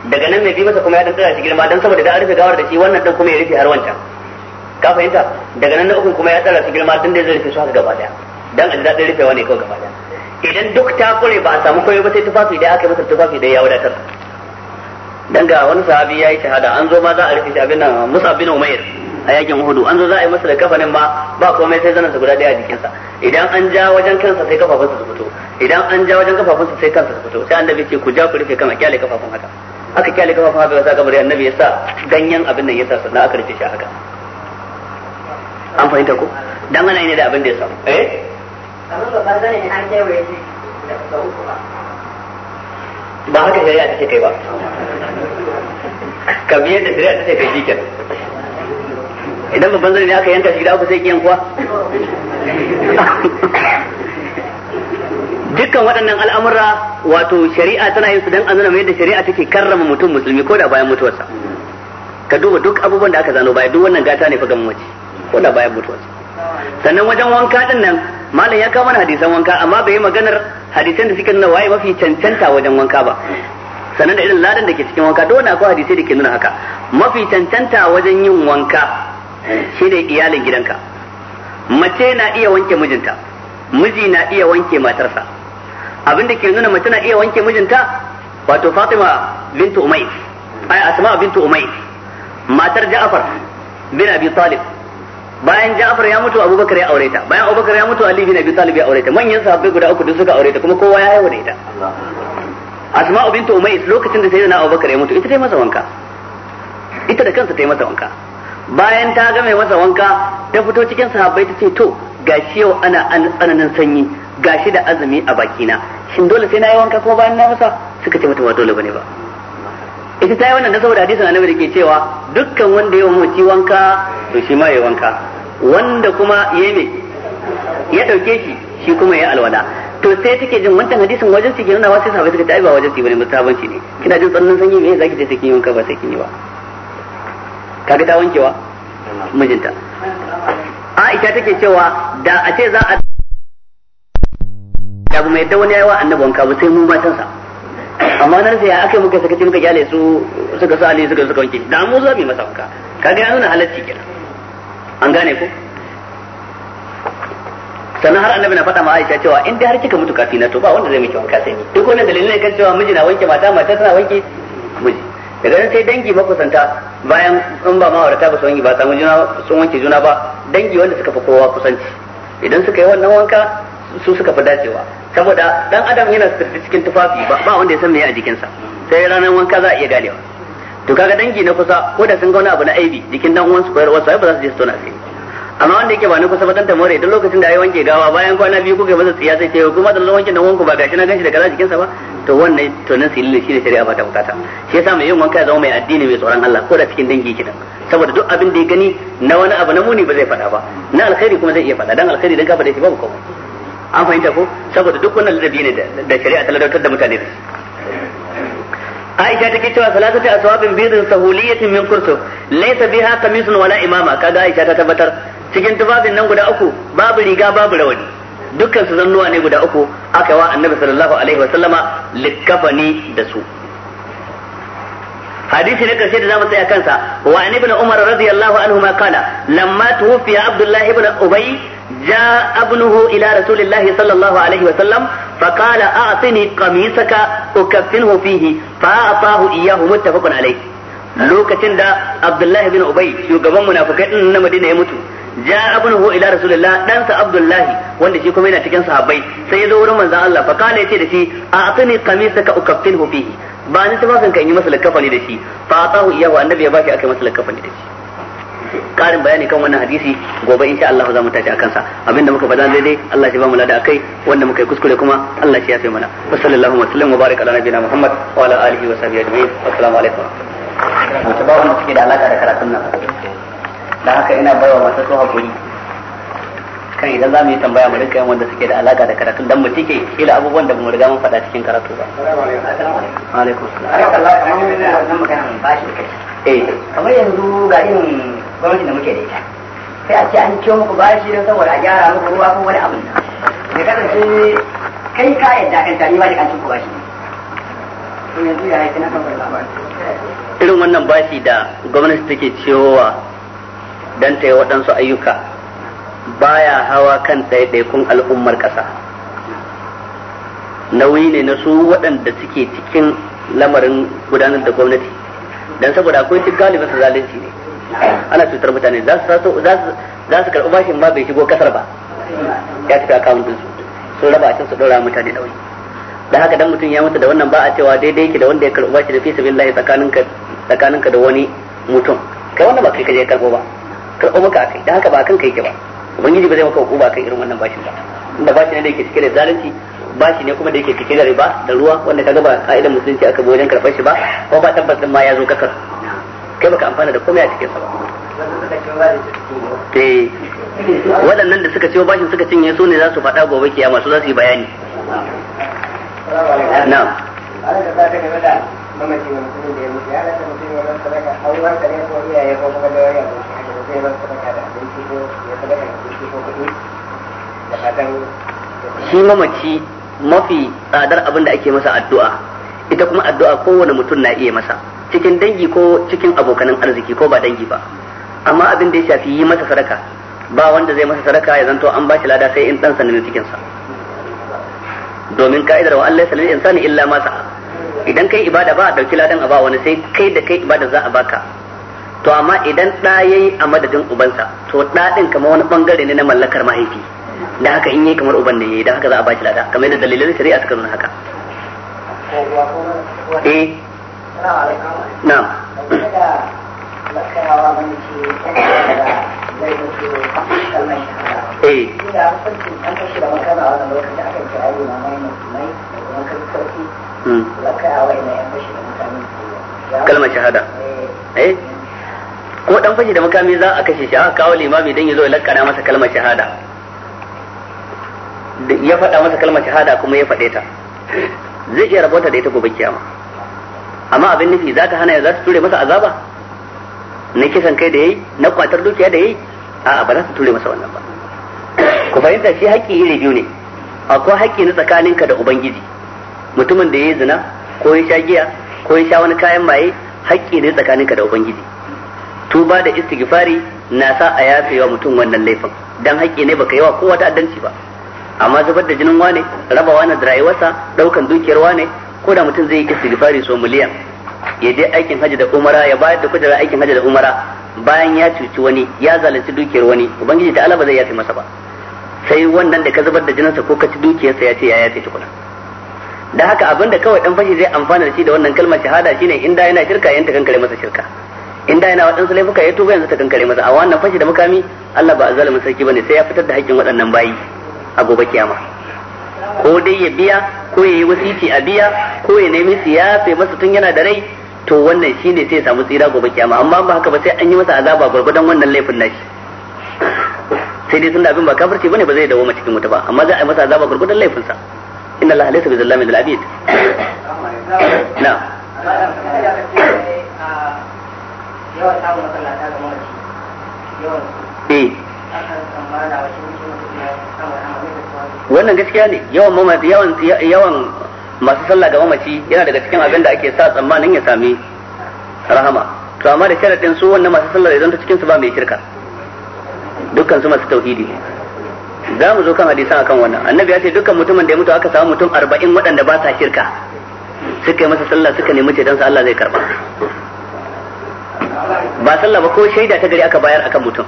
daga nan mai bi masa kuma ya dan tsara shi girma dan saboda da an rufe gawar da shi wannan din kuma ya rufe har wancan ka fahimta daga nan na uku kuma ya tsara shi girma tun da zai rufe su haka gaba daya dan a daɗin rufewa ne kawai gaba daya idan duk ta kure ba a samu kwayo ba sai tufafi da aka masa tufafi da ya wadatar dan ga wani sahabi ya yi shahada an zo ma za a rufe shi abin nan Musa bin a yakin hudu an zo za a yi masa da kafanin ma ba komai sai zanen sa guda daya a jikinsa idan an ja wajen kansa sai kafafunsa su fito idan an ja wajen kafafunsa sai kansa su fito sai annabi ce ku ja ku rufe kan a kyale kafafun haka aka kyale kafafun haka sa kamar annabi ya sa ganyen abin nan ya sa sannan aka rufe shi haka an fahimta ko dan ana ne da abin da ya samu eh kamar babban zane ne an kewaye shi da uku ba ba haka shari'a take kai ba kamar yadda shari'a take kai shi idan babban zane ne aka yanka shi da aka sai kiyan kuwa dukkan waɗannan al'amura wato shari'a tana yin su don an mai da shari'a take karrama mutum musulmi ko da bayan mutuwarsa ka duba duk abubuwan da aka zano baya duk wannan gata ne fa ga mace ko da bayan mutuwarsa sannan wajen wanka din nan malam ya kawo mana hadisan wanka amma bai yi maganar hadisan da suke nuna waye mafi cancanta wajen wanka ba sannan da irin ladan da ke cikin wanka dole akwai hadisai da ke nuna haka mafi cancanta wajen yin wanka shine iyalin gidanka mace na iya wanke mijinta miji na iya wanke matarsa abinda ke nuna mace na iya wanke mijinta wato Fatima bintu Umayr ai Asma bintu Umayr matar Ja'far bin Abi Talib bayan Ja'far ya mutu Abubakar ya aure ta bayan Abubakar ya mutu Ali bin Abi Talib ya aure ta manyan sahabbai guda uku duk suka aure ta kuma kowa ya haihu da ita Asma bintu Umayr lokacin da sayyidina Abubakar ya mutu ita dai masa wanka ita da kansa ta yi masa wanka bayan ta game masa wanka ta fito cikin sahabbai ta ce to gashi yau ana tsananin sanyi gashi da azumi a bakina shin dole sai na yi wanka kuma bayan na masa suka ce mata ba dole bane ba ita ta yi wannan na saboda hadisin annabi da ke cewa dukkan wanda ya mamaci wanka to shi ma ya wanka wanda kuma ya me ya dauke shi shi kuma ya alwala to sai take jin wancan hadisin wajen su ke nuna wasu sahabbai suka ta ba wajen su bane mutabanci ne kina jin tsananin sanyi me zaki je sai kin wanka ba sai kin yi ba kaga ta wankewa mijinta Aisha take cewa da a ce za a da ba mai yadda wani yawa annabi wanka ba sai mu matansa amma sai ya akai muka sakaci muka kyale su suka sa ali suka suka wanke da mu zo bi masa wanka kaga ya nuna halacci kenan an gane ko sannan har annabi na faɗa ma Aisha cewa in dai har kika mutu kafina to ba wanda zai miki wanka sai ni duk wannan dalilin ne kan cewa miji na wanke mata mata tana wanke idan sai dangi makusanta bayan in ba ma'aurata ba su wanke ba samu juna sun wanke juna ba dangi wanda suka fi kowa kusanci idan suka yi wannan wanka su suka fi dacewa saboda dan adam yana sirri cikin tufafi ba ba wanda ya san me a jikinsa sai ranar wanka za a iya ganewa to kaga dangi na kusa ko da sun ga wani abu na aibi jikin dan uwansu ko yar uwansu ba za su je su tona sai amma wanda yake ba ni kusa batanta more idan lokacin da ya wanke gawa bayan kwana biyu kuka masa tsiya sai ce kuma da wanke nan wanku ba gashi na ganshi da kaza jikinsa ba to wannan to nan silili shi ne shari'a ba ta bukata shi yasa mai yin wanka ya zama mai addini mai tsoron Allah ko da cikin dangi kidan saboda duk abin da ya gani na wani abu na muni ba zai faɗa ba na alkhairi kuma zai iya faɗa dan alkhairi dan ka faɗa shi babu komai an fahimta ko saboda duk wannan ladabi ne da shari'a ta ladautar da mutane da Aisha take cewa salatati aswabin bidin sahuliyatin min kursu laysa biha qamisun wala imama kaga Aisha ta tabbatar cikin tufafin nan guda uku babu riga babu rawani dukkan su zannuwa ne guda uku aka wa annabi sallallahu alaihi wa sallama likkafani da su hadisi na karshe da zamu tsaya kansa wa an ibn umar radiyallahu anhu ma kana lamma tuwfiya abdullahi ibn ubay جاء ابنه إلى رسول الله صلى الله عليه وسلم فقال أعطني قميصك أكفنه فيه فأعطاه إياه متفق عليه lokacin da Abdullahi bin Ubay shugaban munafikai din na Madina ya mutu ja abnuhu ila rasulillah dan sa abdullahi wanda shi kuma yana cikin sahabbai sai ya zo wurin manzon Allah fa kana yace da shi a atini qamisaka ukaffinhu fihi ba ni tufafin ka in yi masa likafani da shi fa atahu iyahu annabi ya baki akai masa likafani da shi karin bayani kan wannan hadisi gobe insha Allah za mu tashi akan sa abinda muka faɗa daidai Allah shi ba mu lada akai wanda muka yi kuskure kuma Allah shi ya fi mana wa sallallahu wa sallam wa barik ala nabiyina Muhammad wa ala alihi wa sahbihi ajma'in assalamu alaikum mutabawun da suke da alaka da karatun nan da haka ina baiwa masu so hakuri kan idan za mu yi tambaya mu rinka yin wanda suke da alaka da karatu dan mu tike kila abubuwan da mu riga mun faɗa cikin karatu ba alaikum salam. Eh. kamar yanzu ga irin gwamnati da muke da ita sai a ce an ciyo muku bashi don saboda a gyara muku ruwa ko wani abin da kasance kai ka yadda kan tani ba da kan cinku bashi irin wannan bashi da gwamnati take ciyowa dan ta yi waɗansu ayyuka baya hawa kan ɗaiɗaikun al'ummar ƙasa nauyi ne na su waɗanda suke cikin lamarin gudanar da gwamnati don saboda akwai cikin galibin zalunci ne ana cutar mutane za su za su karɓi bashin ma bai shigo kasar ba ya tafi akawuntin su sun raba a cin su ɗora mutane nauyi da haka dan mutum ya mutu da wannan ba a cewa daidai yake da wanda ya karɓi bashi da fi sabin lahi tsakaninka da wani mutum kai wannan ba kai kaje karɓo ba karɓo maka akai da haka ba akan kai ke ba ubangiji ba zai maka hukuma kan irin wannan bashin ba inda bashi ne da yake cike da zalunci bashi ne kuma da yake cike da riba da ruwa wanda kaga ba ka'idan musulunci aka bi wajen karɓar shi ba ko ba tabbas ma ya zo kaka kai baka amfana da komai a cikin sa ba eh waɗannan da suka ciwo bashin suka cinye su ne za su faɗa gobe kiyama masu za su yi bayani na'am mamaci da da ya mutu ya rasa mutum ya rasa daga auren da ne ko iyaye ko kuma da wani shi mamaci mafi tsadar abin da ake masa addu'a ita kuma addu'a kowane mutum na iya masa cikin dangi ko cikin abokanan arziki ko ba dangi ba amma abin da ya shafi yi masa sadaka ba wanda zai masa sadaka ya zanto an ba shi lada sai in dan sanin cikin sa domin ka'idar wa Allah in sani illa ma idan kai ibada ba a dauki ladan a ba wani sai kai da kai ibada za a baka to amma idan ɗa ya yi a madadin ubansa to ɗa ɗin kamar wani ɓangare ne na mallakar mahaifi da haka in yi kamar uban ne ya yi da haka za a ba lada kamar yadda dalilan shari'a suka nuna haka eh na'am eh hmm. kalmar shahada eh, eh. ko dan fashi da makami za a kashe shi aka kawo limami dan yazo ya lakkara masa kalmar shahada ya faɗa masa kalmar shahada kuma ya faɗe ta zai iya rabota da ita gobe kiyama amma abin nufi za ka hana ya za su ture masa azaba na kisan kai da yayi na kwatar dukiya da yayi a'a ba za su ture masa wannan ba ku fahimta shi haƙƙi iri biyu ne akwai haƙƙi na tsakaninka da ubangiji mutumin da ya yi zina ko ya sha giya ko ya sha wani kayan maye haƙƙi ne tsakaninka da ubangiji tuba da istighfari na sa a yafe wa mutum wannan laifin dan haƙƙi ne baka yawa kowa ta'addanci ba amma zubar da jinin wane raba wane da rayuwarsa daukan dukiyar wane ko da mutum zai yi istighfari so miliyan ya je aikin hajji da umara ya bayar da kujerar aikin hajji da umara bayan ya cuci wani ya zalunci dukiyar wani ubangiji ta alaba zai yafe masa ba sai wannan da ka zubar da jininsa ko ka ci dukiyarsa ya ce ya yafe tukuna da haka abinda kawai dan fashi zai amfana da shi da wannan kalmar shahada shine in da yana shirka yanta kankare masa shirka inda yana waɗansu laifuka ya eh, tuba yanzu ta kankare masa a wannan fashi da mukami Allah ba zalimin sarki bane sai ya fitar da haƙƙin waɗannan bayi a gobe kiyama ko dai ya biya ko ya yi wasiti a biya ko ya nemi siyasa masa tun yana da rai to wannan shine sai ya samu tsira gobe kiyama amma ba haka ba sai an yi masa azaba gwargwadon wannan laifin nashi sai dai tunda abin ba kafirci bane ba zai dawo cikin wuta ba amma za a yi masa azaba gwargwadon laifinsa inna Allah laysa bizallamin lil abid na yawan samun masallata ga mamaci yawan wannan gaskiya ne yawan yawan masu sallah ga mamaci yana daga cikin abin da ake sa tsammanin ya sami rahama to amma da sharadin su wannan masu sallah idan zanta cikin su ba mai shirka dukkan su masu tauhidi za mu zo kan hadisan akan wannan annabi ya ce dukkan mutumin da ya mutu aka samu mutum arba'in waɗanda ba sa shirka suka yi masa sallah suka nemi don sa Allah zai karba ba sallah ba ko shaida ta gari aka bayar akan mutum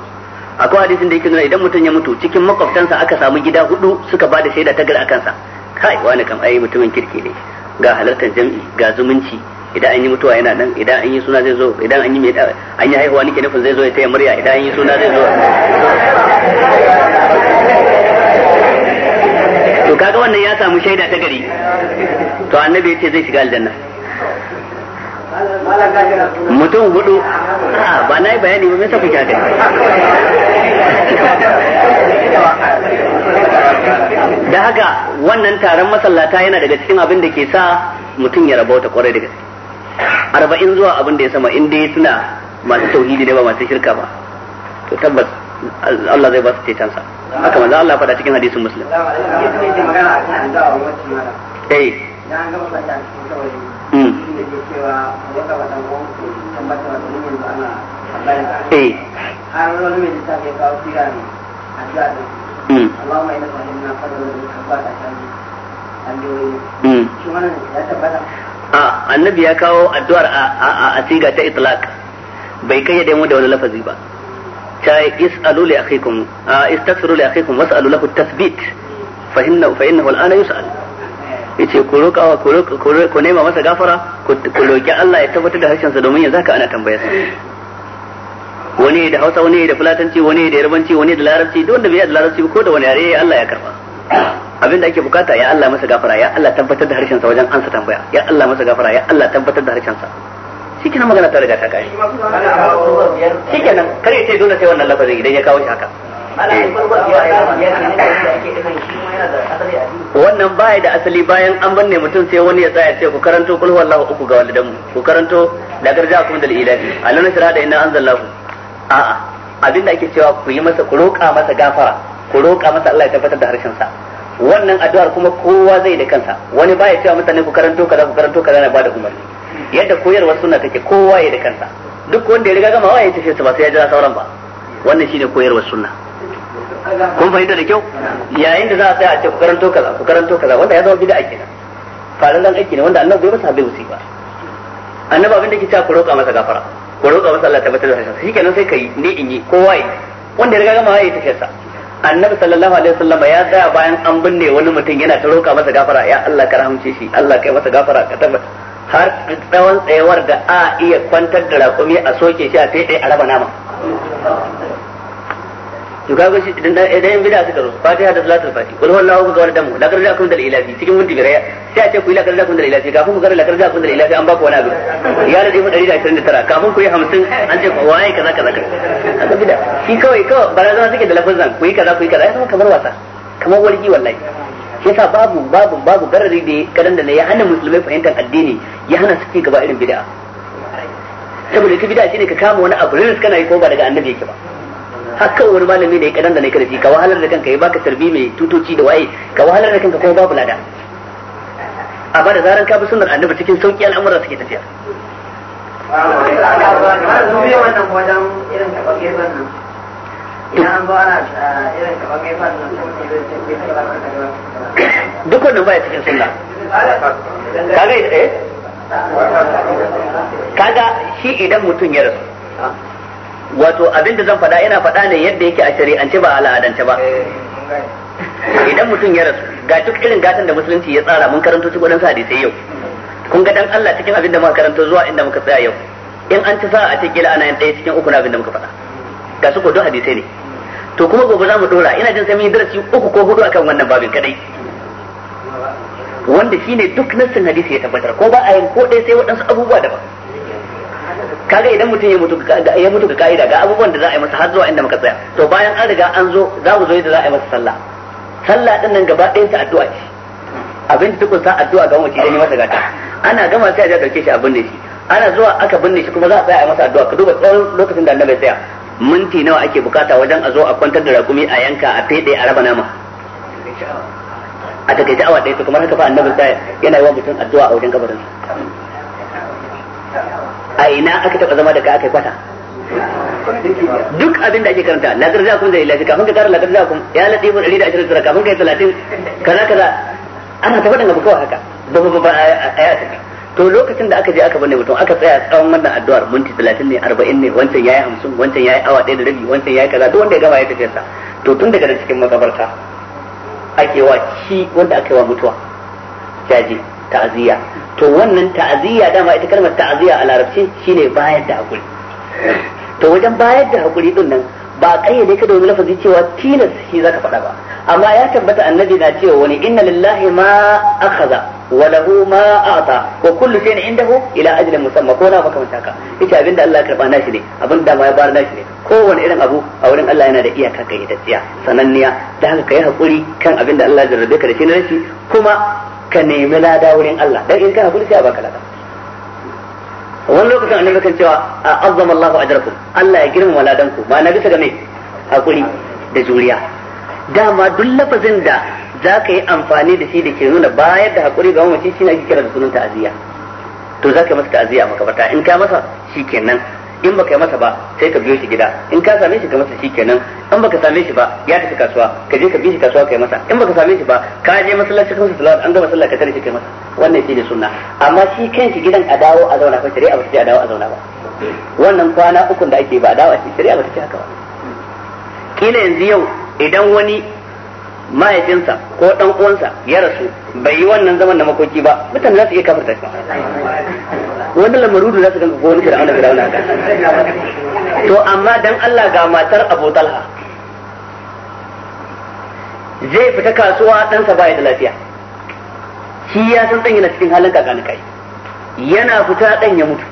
akwai hadisin da yake nuna idan mutum ya mutu cikin makwabtansa aka samu gida hudu suka ba da shaida ta gari akan sa kai wani kam ai mutumin kirki ne ga halartar jami'i ga zumunci idan an yi mutuwa yana nan idan an yi suna zai zo idan an yi mai an yi haihuwa nake nufin zai zo ya taya murya idan an yi suna zai zo to kaga wannan ya samu shaida ta gari to annabi yace zai shiga aljanna mutum hudu ba na yi bayani ba mai sa kuke haka da haka wannan taron masallata yana daga cikin abin da ke sa mutum ya ta kwarai da gaske arba'in zuwa abin da ya sama inda ya suna masu tauhidi ne ba masu shirka ba to tabbas Allah zai ba su cetonsa haka manzo Allah faɗa cikin hadisin muslim eh Eh. kawo hmm. hmm. a annabi ya kawo addu'ar a siga ta itlaq bai kayyade mu da wani lafazi ba ta is'alu li akhikum istaghfiru li akhikum was'alu lahu tasbit fa inna fa innahu al'ana yus'al yace ku roƙa wa ku nema masa gafara ku roƙi Allah ya tabbatar da harshen sa domin yanzu haka ana tambayar sa wani da Hausa wani da Fulatanci wani da Yarbanci wani da Larabci duk wanda bai da Larabci ko da wani yare Allah ya karba abinda ake bukata ya Allah masa gafara ya Allah tabbatar da harshen sa wajen ansa tambaya ya Allah masa gafara ya Allah tabbatar da harshen sa shikenan magana ta riga ta kai shikenan kare ce dole sai wannan lafazin idan ya kawo shi haka Eh. wannan ba da asali bayan an banne mutum sai wani ya tsaya ce ku karanto kul huwallahu uku ga damu ku karanto la garja akum dal ilahi alana sira da inna a a'a abinda ake cewa ku yi masa ku roƙa masa gafara ku roƙa masa Allah ya tabbatar da harshen sa wannan addu'ar kuma kowa zai da kansa wani baya cewa mutane ku karanto kaza ku karanto kaza na bada umarni yadda koyarwar ta take kowa ya da kansa duk wanda ya riga gama wa ya tafi ba sai ya jira sauran ba wannan shine koyarwar sunna kun fahimta da kyau yayin da za a tsaya a ce ku karanto kaza ku karanto kaza wanda ya zama bid'a kenan faɗin zan aiki ne wanda annabi bai masa bai wuce ba annabi abin da ke cewa ku roƙa masa gafara ku roƙa masa Allah tabbatar da shi shikenan sai kai ni in yi kowa yi wanda ya riga gama yayi tafiyar sa annabi sallallahu alaihi wasallam ya tsaya bayan an binne wani mutum yana ta roƙa masa gafara ya Allah ka rahamce shi Allah kai masa gafara ka tabbata har tsawon tsayawar da a iya kwantar da raƙumi a soke shi a sai a raba nama to kaga shi idan idan yin bid'a suka zo fatiha da salatul fati wal wallahu ga wani damu lakar da akum dal ilahi cikin minti biyar sai a ce ku ila lakar da dal ilahi kafin ku karja lakar da dal ilahi an ba ku wani abu ya da dubu 129 kafin ku yi 50 an ce ku waye kaza kaza kaza bid'a shi kawai kawai barazana suke da lafazan ku yi kaza ku yi kaza ya zama kamar wasa kamar wargi wallahi shi yasa babu babu babu garari da kadan da ya hana musulmai fahimtar addini ya hana su ci gaba irin bid'a saboda ita bid'a shine ka kama wani abu ne kana yi ko ba daga annabi yake ba hakan wani malami ne kadan da ne kada shi ka wahalar da kanka ya baka tarbi mai tutoci da waye ka wahalar da kanka kuma babu lada A da zaran ka bi sunnar annabi cikin sauki al'amura suke tafiya duk wannan baya cikin sunna Ka ga eh? kaga shi idan mutum ya rasu wato abin da zan faɗa ina faɗa ne yadda yake a shari'ance ba al'adance ba eh, idan mutum ya rasu ga duk irin gatan da musulunci ya tsara mun karanto cikin wadansu hadisai yau kun ga dan Allah cikin abin da muka karanto zuwa inda muka tsaya yau in an ci sa a cikin ana yan ɗaya cikin uku na abin da muka faɗa ga su ko duk hadisai ne to kuma gobe za mu dora ina jin sai mun yi darasi uku ko hudu akan wannan babin kadai wanda shine duk nassin hadisi ya tabbatar ko ba a yin ko ɗaya sai waɗansu abubuwa daban kaga idan mutum ya mutu ya mutu ga kaida ga abubuwan da za a yi masa har zuwa inda muka tsaya to bayan an riga an zo za mu zo yadda za a yi masa sallah sallah din nan gaba ɗayan ta addu'a ce abin tukun sa addu'a ga mutum idan ya masa gata ana gama sai a dauke shi a binne shi ana zuwa aka binne shi kuma za a tsaya a masa addu'a ka duba tsawon lokacin da annabi tsaya minti nawa ake bukata wajen a zo a kwantar da rakumi a yanka a fede a raba nama a takaita awa ɗaya to kamar haka fa annabi tsaya yana yi wa mutum addu'a a wajen kabarin a ina aka taɓa zama da ka aka kwata duk abin da ake karanta lazar za kun da ilahi kafin ka tara lazar za kun ya da 120 sura kafin ka yi 30 kaza kaza ana ta faɗin abu kawai haka ba ba ba a ya to lokacin da aka je aka bane mutum aka tsaya tsawon wannan addu'ar minti talatin ne Arba'in ne wancan yi hamsin wancan yi awa ɗaya da rabi wancan yi kaza duk wanda ya gama ya tafiya sa to tun daga cikin makabarta ake wa shi wanda aka yi wa mutuwa jaje ta'aziyya to wannan ta'aziyya dama ita kalmar ta'aziyya a larabci shine bayar da hakuri to wajen bayar da hakuri din nan ba kayyade ka da wani lafazi cewa tilas shi zaka faɗa ba amma ya tabbata annabi na cewa wani inna lillahi ma akhadha wa lahu ma a'ta wa kullu shay'in indahu ila ajalin musamma ko na baka mutaka ita abinda Allah ya karba nashi ne abinda da ma ya bar nashi ne kowane irin abu a wurin Allah yana da iyaka tsiya sananniya da haka kai hakuri kan abinda Allah ya jarrabe ka da shi na kuma ka nemi lada wurin Allah dan in kana kulciya baka lada wani lokacin annabi kan cewa azzama Allahu ajrakum Allah ya girmama ladan ku ma'ana bisa ga me hakuri da juriya dama duk lafazin da zaka yi amfani da shi da ke nuna bayar da hakuri ga mamaci shi ne ake kira da sunan ta'aziyya to za ka yi masa ta'aziyya makabarta in ka masa shi kenan in baka yi masa ba sai ka biyo shi gida in ka same shi ka masa shikenan in baka same shi ba ya tafi kasuwa ka je ka bi shi kasuwa ka yi masa in baka same shi ba ka je masallaci ka masa salawat an gama sallah ka tare shi kai masa wannan shine sunna amma shi kanshi gidan a dawo a zauna fa shari'a ba ta ce a dawo a zauna ba wannan kwana uku da ake ba a dawo a ce shari'a ba ta ce haka ba kila yanzu yau idan wani mahaifinsa ko dan uwansa ya rasu bai yi wannan zaman na makoki ba mutane za su iya kafarta shi lamarin lamarudu za su ganga ko wani fir'auna fir'auna ka to amma dan Allah ga matar Abu Talha zai fita kasuwa ɗansa baya da lafiya shi ya san ɗan yana cikin halin kakani kai yana fita ɗan ya mutu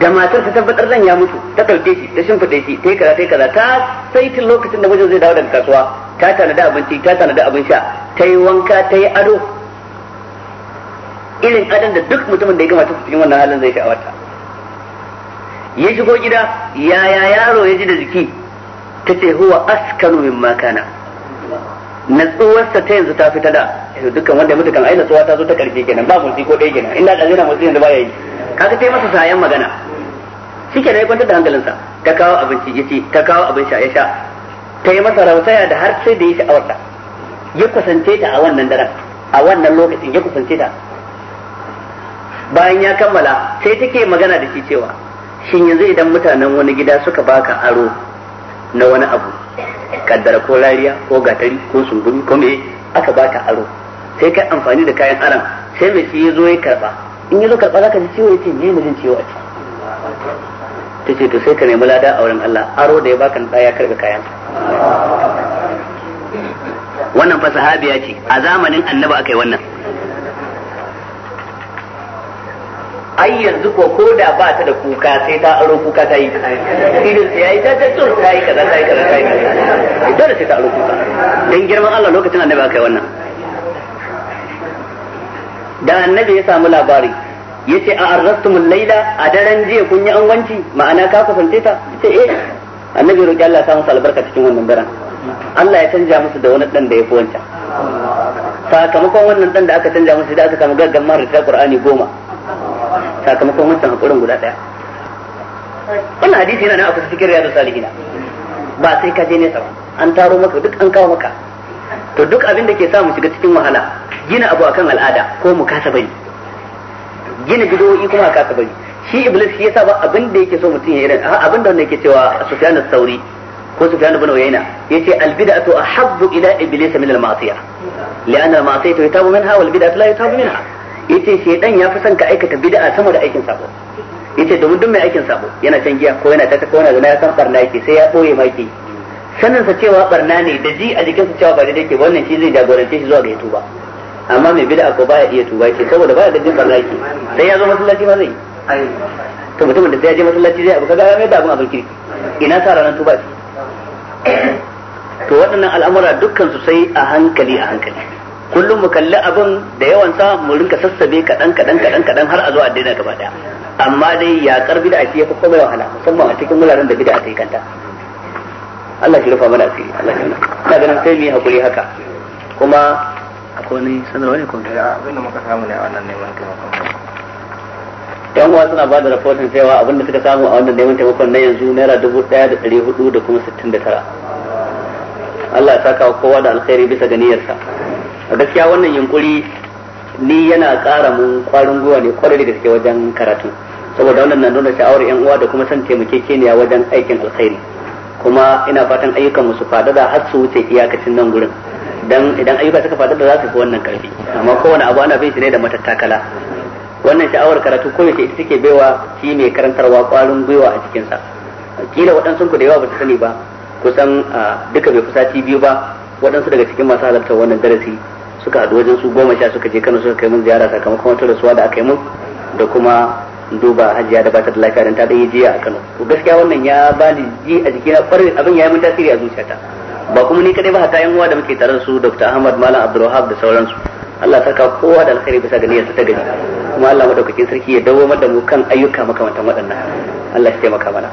da matar ta tabbatar dan ya mutu ta ɗauke shi ta shimfiɗe shi ta yi kaza ta yi kaza ta saitin lokacin da mijin zai dawo daga kasuwa ta tanada abinci ta tanada abin sha ta yi wanka ta yi ado irin kadan da duk mutumin da ya gama ta cikin wannan halin zai sha'awarta ya shigo gida yaya yaro ya ji da jiki ta ce huwa askanu min makana natsuwarsa ta yanzu ta fita da dukkan wanda ya mutu kan aina tsuwa ta zo ta karfe kenan ba mulki ko ɗaya kenan inda ɗazina mutu yanzu ya yi kaga sai masa sayan magana shi na yi kwantar da hankalinsa ta kawo abinci ya ci ta kawo abin sha ya sha ta yi masa rausaya da har sai da ya sha'awarta ya kusance ta a wannan daren a wannan lokacin ya kusance ta bayan ya kammala sai take magana da shi cewa shin yanzu idan mutanen wani gida suka baka aro na wani abu kaddara ko rariya ko gatari ko sumburi ko me aka baka aro sai kai amfani da kayan aron sai mai shi ya zo ya karba in ya zo karba ka ji ciwo yace me ne jin ciwo a ciki ce to sai ka nemi lada a wurin Allah aro da ya baka na ya karbe kayan wannan fa sahabiya ce a zamanin annabi aka yi wannan ai yanzu ko ko da ba ta da kuka sai ta aro kuka ta yi idan sai yayi ta tsur ta yi kaza ta yi kaza ta yi kaza dole sai ta aro kuka dan girman Allah lokacin annabi aka yi wannan da annabi ya samu labari yace a arrastumul laila a daren jiya kun yi angwanci ma'ana ka kusance ta yace eh annabi roki Allah ya masa albarka cikin wannan daren Allah ya canja musu da wani dan da ya fi wancan sakamakon wannan dan da aka canja musu da aka samu gaggan marar ta Qur'ani goma sakamakon wancan haƙurin guda ɗaya wannan hadisi yana nan a kusa cikin riyadu salihina ba sai ka je nesa ba an taro maka duk an kawo maka to duk abin da ke sa mu shiga cikin wahala gina abu akan al'ada ko mu kasa bari gina gidoyi kuma a kasa bari shi iblis shi yasa ba abin da yake so mutum ya irin abin da wanda yake cewa sufyan sauri ko sufyan ibn uyayna yace al bid'atu ahabbu ila iblis min al ma'siyah ta al ma'siyah yutabu minha wal bid'atu la yutabu minha yace shedan ya fi son ka aikata bid'a sama da aikin sabo yace domin duk mai aikin sabo yana can giya ko yana tata ko yana zina ya san barna yake sai ya boye maki sanin sa cewa barna ne da ji a jikinsa cewa ba daidai ke wannan shi zai jagorance shi zuwa ga tuba amma mai bid'a ko baya iya tuba yake saboda baya jin barna yake sai ya zo masallaci ma zai to mutumin da sai ya je masallaci zai abu kaga ya mai da abun abin kirki ina sa ranar tuba ce to waɗannan al'amura dukkan su sai a hankali a hankali kullum mu kalli abin da yawansa mu rinka sassabe kaɗan kaɗan kaɗan kaɗan har a zo addinin gaba ɗaya amma dai karbi da ake yafi komai wahala musamman a cikin wuraren da bid'a ta yi kanta Allah shi rufa mana asiri Allah shi na ganin sai mu yi hakuri haka kuma akwai wani sanarwa ne ko ne eh, abin da muka samu ne a wannan neman taimakon yan uwa suna ba da rahoton cewa abin da suka samu a wannan neman taimakon na yanzu naira dubu ɗaya da ɗari hudu da kuma sittin da tara Allah ya saka kowa da alkhairi bisa niyyarsa. a gaskiya wannan yunkuri ni yana ƙara mun ƙwarin gwiwa ne kwarai da take wajen karatu saboda wannan na nuna sha'awar yan uwa da kuma son taimakekeniya wajen aikin alkhairi kuma ina fatan ayyukan musu su da har su wuce iyakacin nan gurin dan idan ayyuka suka da za su fi wannan karfi amma kowane abu ana bin shi ne da matattakala wannan sha'awar karatu ko yace ita take baiwa shi mai karantarwa ƙwarin gwiwa a cikin sa kila waɗansu ku da yawa ba su sani ba kusan ah, duka bai kusa biyu ba waɗansu daga cikin masu halarta wannan darasi suka haɗu wajen su goma sha suka je Kano suka kai mun ziyara sakamakon wata rasuwa da aka yi mun da kuma duba hajiya da bata da lafiya dan ta dan yi jiya a Kano to gaskiya wannan ya bani ji a jikina kwarin abin ya yi mun tasiri a zuciyata ba kuma ni kadai ba ta yan uwa da muke tare da su Dr. Ahmad Malam Abdulwahab da sauransu Allah saka kowa da alkhairi bisa ga niyyarsa ta gani kuma Allah madaukakin sarki ya dawo da mu kan ayyuka makamantan waɗannan Allah ya taimaka mana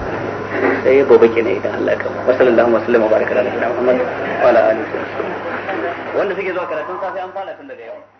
sai babake ne idan Allah ya kama wa sallallahu alaihi wa sallam wa baraka ala Muhammad wa ala alihi wa wanda suke zuwa karatun safe an fara tun daga yau